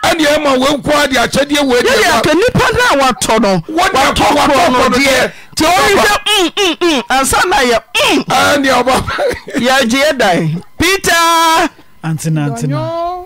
ɛni ɛ ma wɔn kɔ adi akyɛdeɛ wɔ ɛdi ɛma. yɛyɛ kɛ nipa naa watɔ no watɔ kɔkɔ no deɛ tí o yi sɛ mm mm mm ansa na yɛ mm. ɛni ɔba. yɛ gye yɛ dan peter. antina antina.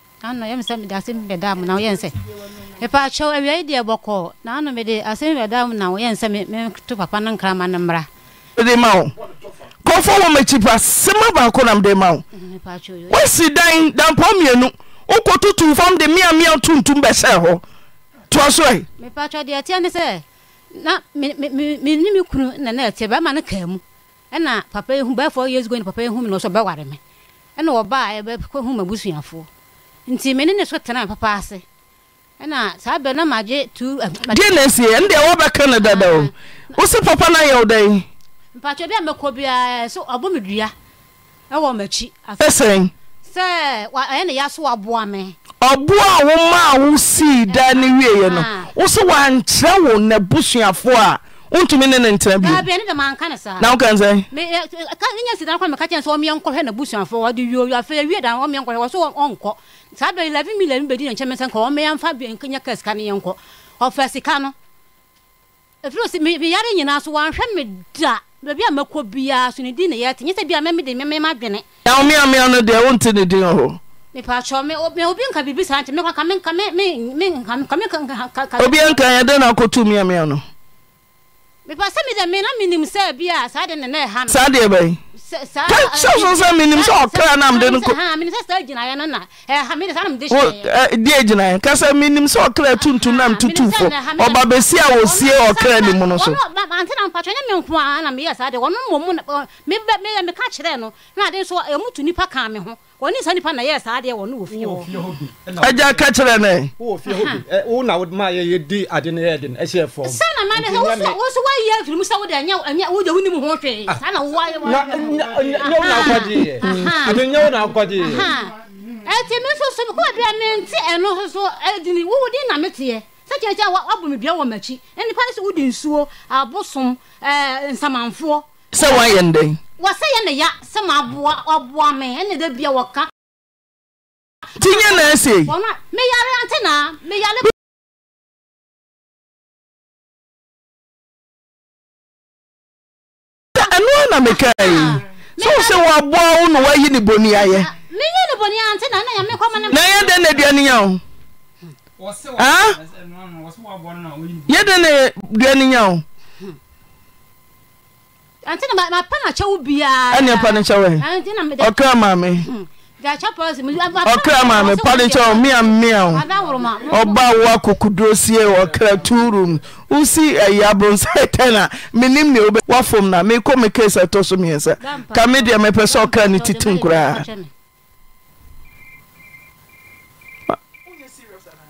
ano yɛ sɛ mede asɛm bɛda mu na woyɛ sɛ mepaakyɛw awiai deɛ bɔkɔɔ na ano mede asɛm bɛda mu na woyɛ sɛ meto papa no nkrama no mmra de ma wo kɔmfɔ wɔ makyi pa sɛma baako nam de ma wo mm, woasi dan dampa mmienu wokɔtotu fam de meamea tuntum bɛsɛe hɔ toa so ɛ deɛ ɛteɛ ne sɛ na mene me kunu ɛteɛ nti mene ne so tena papaase ɛna saa bɛ na magye tu deɛ eh, na sie ɛnde ɛwɔ bɛka no dada o ah, wo papa ụda yɛ wo ọbịa mpatwɛ bi a mɛkɔ biaa ọwụwa ɔbɔ me dua ɛwɔ m'akyi sɛ sɛn ɛyɛ ne waboa ɔboa a ne ah. no so wankyerɛ wo n'abusuafoɔ a wontumi ne ne kɔ eh, sɛ so ɔnkɔ saa bɛ 11 million bɛdi ne nkyɛn mɛ sɛ nka wɔn mɛyɛ nfa bi nyɛ kɛ sika ne yɛ nkɔ ɔfɛ sika no efiri osi mi yare nyinaa so wɔnhwɛ mi da baabi a mɛkɔ biara so ne di ne yɛ te nyɛ sɛ bi a mɛmi de mɛmɛ adwene. ɛn mi amia no deɛ wɔnti ne din hɔ. mipatsɔ mi mi obi nka bibi saa nti mi kɔ ka mi nka mi mi mi nka mi nka nka. obi nka yɛ de na akotu mi amia no. mipa sɛ mi dɛ mi na mi nim sɛ bi a saa de ne na ɛha no. saa deɛ bɛyi sɛ sɛ menim sɛ ɔkra na mde nodeɛ gyinaeɛ ka sɛ menim sɛ ɔkra tuntum na mtutu fo ɔba bɛsi a wɔsie ɔkra ne mu no so meka kyerɛ no na ade nso ɛmutu nnipa ka me ho wɔne saa nipa na yɛ saa adeɛ wɔ ne wɔ fie hɔ agya ka kyerɛ ne wowɔ fie hɔ wo na wode ma yɛyɛ di ade no yɛde no ɛhyɛ fam sɛ na ma ne sɛ wo so woayɛ afiri mu sɛ wode anyɛ wode wonim ho hwee saa na woayɛ nyɛ wo na akɔgyeeɛ ade nyɛ wo na akɔgyeeɛ ɛti mi nso so kó ɛdi ɛmi nti ɛno soso ɛdini wo di na mi tiɛ sɛkyɛkyɛ wa ɔbu mi bia wɔ m'akyi ɛnipa nso wodi nsuo abosom ɛɛ nsamanfoɔ sɛ woayɛ ndɛn wɔsɛ yɛ ne ya sɛ maaboa ɔboa me ɛne da bia wɔka nti nyɛ na ɛsɛ meyare ante naa meyare ɛnoa na mekae ah, sɛ wo sɛ wɔaboa wo na woayi ne bɔni ayɛ ah, ne bɔni ante na na yɛme kɔma ne na yɛ dɛn na aduane nya wo ah? yɛ dɛn na aduane wo anemkra maame panekyɛ mea mea o ɔba wo akokodurosie ɔkra torom osi eh, ay abronsai tena menim m wafom na meko mekesɛ to so miɛsa ka medea mepɛ sɛ ɔkra ne titim koraa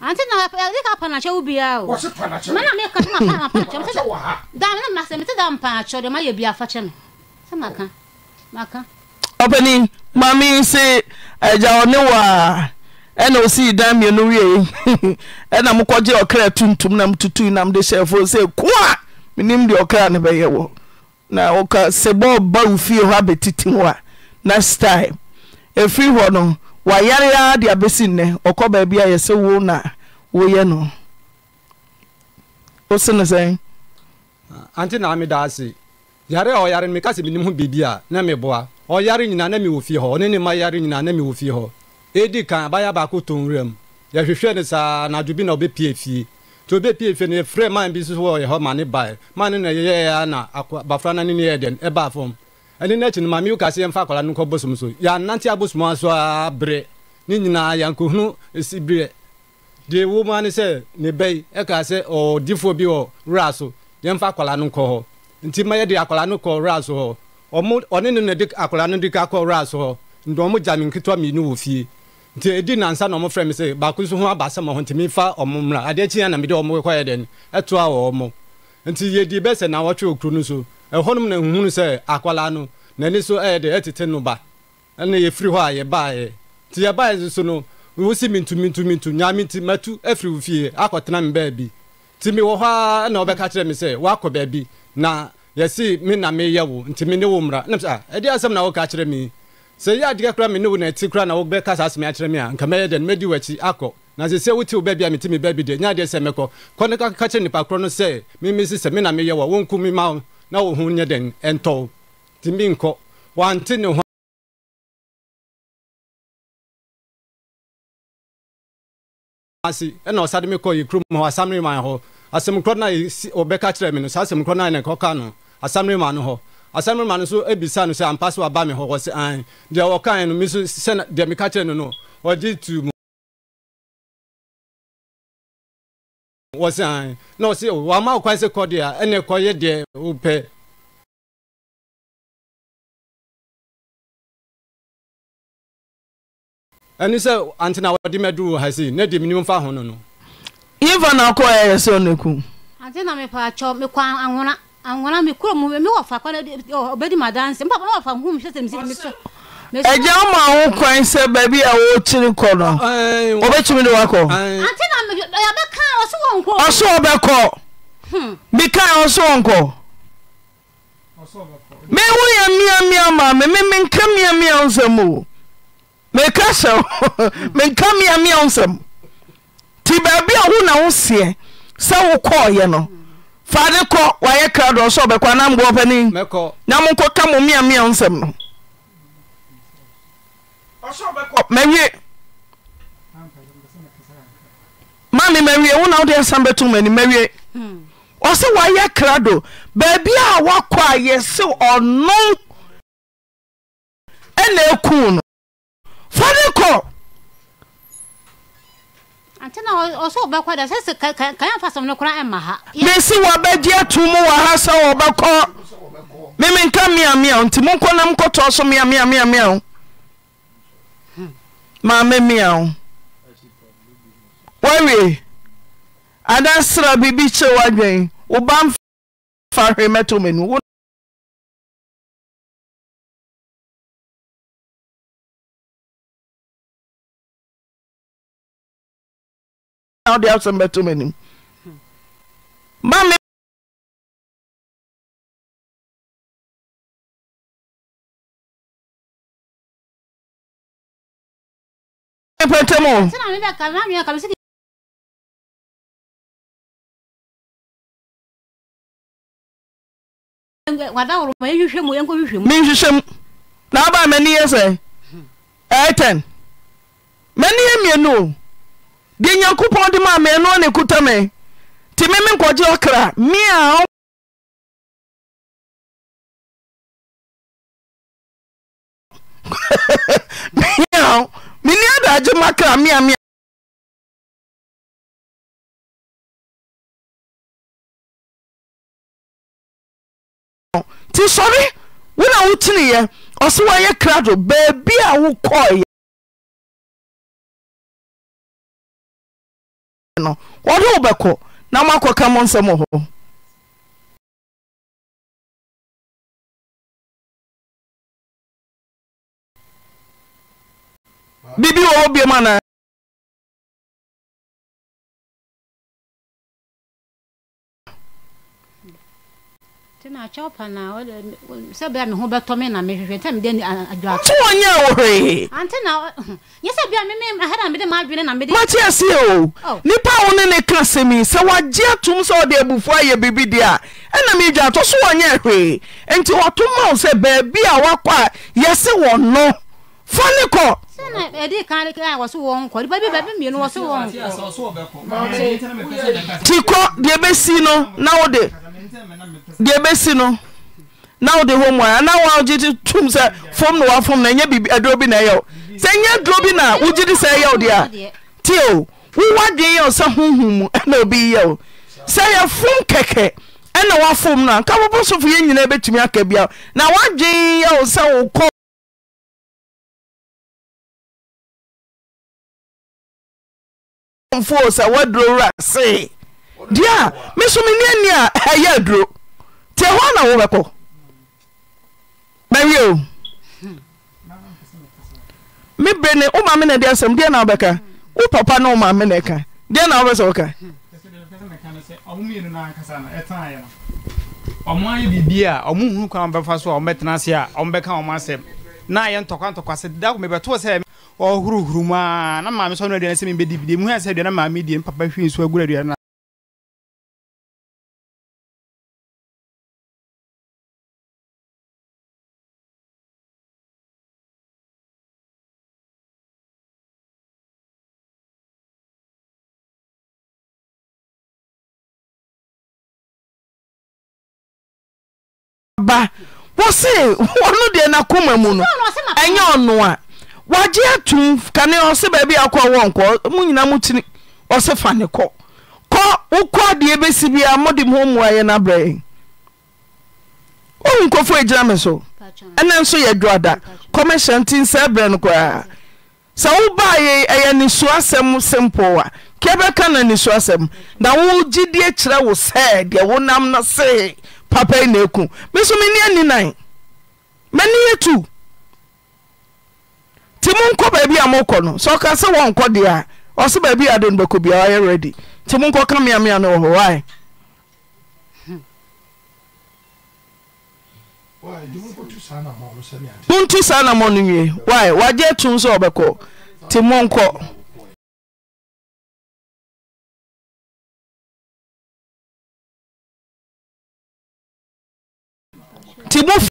anti na ɛde ka panakyɛ wo biara o. wɔsi panakyɛ. mɛ na mi kan sɛ ma pan panakyɛ. panakyɛ wɔ ha. daa mi na ma sɛ mi ti da mpanakyɛ de ma yɛ bi afakyɛ mi sɛ ma kan ma kan. ɔpɛni maami se ɛgya ɔne wa ɛna osi dan mmienu wie ɛna mo kɔgye ɔkra tuntum na mo tutu na mo de hyɛ ɛfo sɛ kua minim deɛ ɔkra ne bɛyɛ wɔ na ɔka sɛ bɔɔl ba wo fie hɔ abɛtiti hɔ a next time efiri hɔ no. wayareaa de abɛsi nnɛ ɔkɔ baabi a yɛ sɛ wo na woyɛ no wo se no sɛn ante ah, naa meda ase yare a ɔyare no meka sɛ menim ho biribi a na meboa ɔyare nyinaa na mewɔ fie hɔ ɔne ne ma yare nyinaa na mewɔ fie hɔ ɛdi kan bayɛ baako tɔ nwuram. mu yɛhwehwɛ no saa nadwo bi na ɔbɛpie fie nti ɔbɛpie fie no yɛfrɛ man bi so wɔ yɛ hɔ ma ne bae ma ne na yɛyɛɛ a na bafra no ne ne yɛ den ɛbaa fam ɛne n'akyi no maame woka sɛ yɛmfa akwadaa no nkɔ bosom so ya nanti a so abrɛ ne nyinaa yɛnkɔhunu ɛsi berɛ deɛ wo mu ane sɛ ne bɛyi ɛka sɛ ɔdifoɔ bi wɔ wura so yɛmfa akwadaa no nkɔ hɔ nti ma yɛde akwadaa no kɔ wura so hɔ ɔmo ɔne ne na de akwadaa no de ka kɔ wura so hɔ nti ɔmo gya me nketewa mmienu wɔ fie nti ɛdi nansa na ɔmo frɛ me sɛ baako nso ho aba asɛm ɔho nti mefa ɔmo mmra adeɛ kyi na mede ɔmo kɔyɛ dɛn ɛtoa wɔ ɔmo nti na wɔtwe okuro ɛhɔnom na nhunu sɛ akwalaa no n'ani so ɛyɛ deɛ ɛtete no ba ɛna yɛfiri hɔ a yɛbaeɛ nti yɛbaeɛ so no wosi mintu mintu mintu nyame nti matu afiri wo fie akɔtena me baabi nti mewɔ hɔ a na wɔbɛka kyerɛ me sɛ woakɔ baabi na yɛsi me na meyɛ wo nti me ne wo mmra nam sɛ ɛde asɛm na woka kyerɛ me sɛ yɛ adeɛ kora me ne wo na ɛti kora na wobɛka saa asɛm akyerɛ me a nka mɛyɛ dɛn mɛdi w'akyi akɔ na sɛ sɛ wote wo baabi a mete me baabi deɛ nyɛ adeɛ sɛ mɛkɔ kɔ ne ka kyerɛ nnipa korɔ no sɛ memesi sɛ me na meyɛ wo a wɔnku me ma na wo nyɛ den ɛntɔw timi nkɔ wante ne ho ase ɛna ɔsade me kɔɔ yɛ kurom hɔ asamre man hɔ asɛm korɔ no ɔbɛka kyerɛ me no saa asɛm korɔ no ne kɔka no asamre man no hɔ asamre man no so abisa no sɛ ampa so waba me hɔ wɔ sɛ an deɛ wɔkae no me so sɛ deɛ meka kyerɛ no no ɔgye tu mu wɔsi an na ɔsi máa kwan sɛ kɔ deɛ ɛna ɛkɔ yɛ deɛ wopɛ. ɛni sɛ antena ha si ne de mi nimu fa yín na kọ ẹ ẹsẹ ọ̀nà na mi pa àtsọ mi kọ àwọn àwọn mi kúrò mi wọ fa kọ ọbẹ di ma dánsẹ mi wọ fa mi sẹsẹ mi sẹ mi agya woma wo kwan sɛ baabi a wɔkyiri kɔ no ɔbɛtumi de wakɔɔso ɔbɛkɔ mekae ɔso wɔnkɔ mewo yɛ meamia maa me menka meamia wo nsɛm o meka hyɛ menka meamia wo nsɛm nti baabi a wo na wo seɛ sɛ wokɔɔyɛ no faade kɔ wayɛ kra dɔ ɔso ɔbɛkɔ anamgoɔ pani na monkɔ ka mo meamia wo nsɛm no mawie ma me mawie wona wode asam bɛtomani mawie hmm. ɔ sɛ woayɛ kra do baabia a wokɔ a yɛ se ɔno na aku no fde kmesi wɔabagyi ato mu wɔ ha sɛ wɔbɛkɔ memeka meamea o nti mo nkɔnam nkɔtɔ so meaeaeamea o maame mia wo woawie adasra biribi kyerɛ w'adwen wo ba mfa hwee mɛto m'anu wo na wode asɛm bɛto m'anim ma me pẹtẹmọ. sínú àwọn ibẹ̀ kàmí àmì ẹ̀ kàmí sí kì í. wàdà wòrò mọ̀ yẹn hwehwẹ́ mu mi n hwehwẹ́ mu na ọba mi ni yẹ sẹ ẹ tẹn ni yẹ mmienu o di nyankopɔn de ma mmienu na ekuta mi ti mi mi nkɔgye ɔkra mi a. meow mini adagye makra meame nti sɔre wona woteneeɛ ɔsɛ woayɛ krado baabi a wokɔɔeɛ no wɔde na bibi wɔ hɔ biam anaa sɛbia me ho bɛtɔ na mehwehwɛ ntɛ mede adwati na wohwee nyɛ sɛ bia na mede makye aseɛ o oh. nnipa wo ne ne ka sɛm yi sɛ wagye atom sɛ wɔde abufuo ayɛ biribi deɛ a ɛna megya atɔ so wɔnyɛ hwee enti wɔto ma wo sɛ a no Fani kɔ. sani ɛdi kan kan wɔsi wɔn kɔ nipa bi mienu wɔsi wɔn kɔ. ti kɔ deɛ bɛ si no na o de deɛ bɛ si no na o de hɔ mu a na wɔn a gye ti tum sɛ fom na wafom na nye bibi aduro bi na ɛyɛ o sɛ nye aduro bi na wogye ti sɛ ɛyɛ o deɛ ti o wuwa deɛ yɛ o sɛ huhum mu ɛna obi yɛ o sɛ yɛ fom kɛkɛ ɛna wafom na nka bɔbɔ sɔfo yɛ nyinaa bɛtumi aka bia na wadwen yɛ o sɛ o kɔ. mfo sɛ woaduro wura see deɛ a meso ani a ɛyɛ aduro nti ɛhɔ na wobɛkɔ mario me bere ne wo maame na de asɛm deɛ na wobɛka wo papa ne wo maame na ɛka deɛ na wobɛ sɛ woka ɔmo ayɛ biribi a ɔmo hunu kwan bɛfa so a ɔmo bɛtena ase a ɔmo bɛka ɔmo asɛm na ayɛ ntɔkwa ntɔkwa da ko sɛ ɔhuruhuru mu a na maame sɔ no aduane sɛ mebɛdi bidie mu hu sɛ aduane maame die papa hwii nso agura aduane no ba wɔse ɔno deɛ nakoma mu no ɛnyɛ ɔno a wagye atum kane ɔse baabi a wokɔ wɔnkɔ mu nyina motini ɔse fa ne kɔ kɔ wokɔ deɛ bɛsi bia mode mo mmuayɛ no abrɛ ohu nkɔfo agyina me so ɛne nso yɛ dwoada kɔmɛhyɛ nti nsɛ berɛ no koraa sɛ wobaa yɛ ɛyɛ nesuasɛm simple a na na kyerɛ wo sɛ deɛ wonam no see na eku me ani nan yɛ tu nti monkɔ baabi a mokɔ no sɛ ɔka sɛ wɔnkɔ deɛ a ɔsɛ baabi a de no bɛkɔ biaa ɔyɛ ready nti monkɔ ka meamea no wɔ wae montu saa na mɔ no wie wae wagye atum sɛ ɔbɛkɔ nti monkɔ nti mo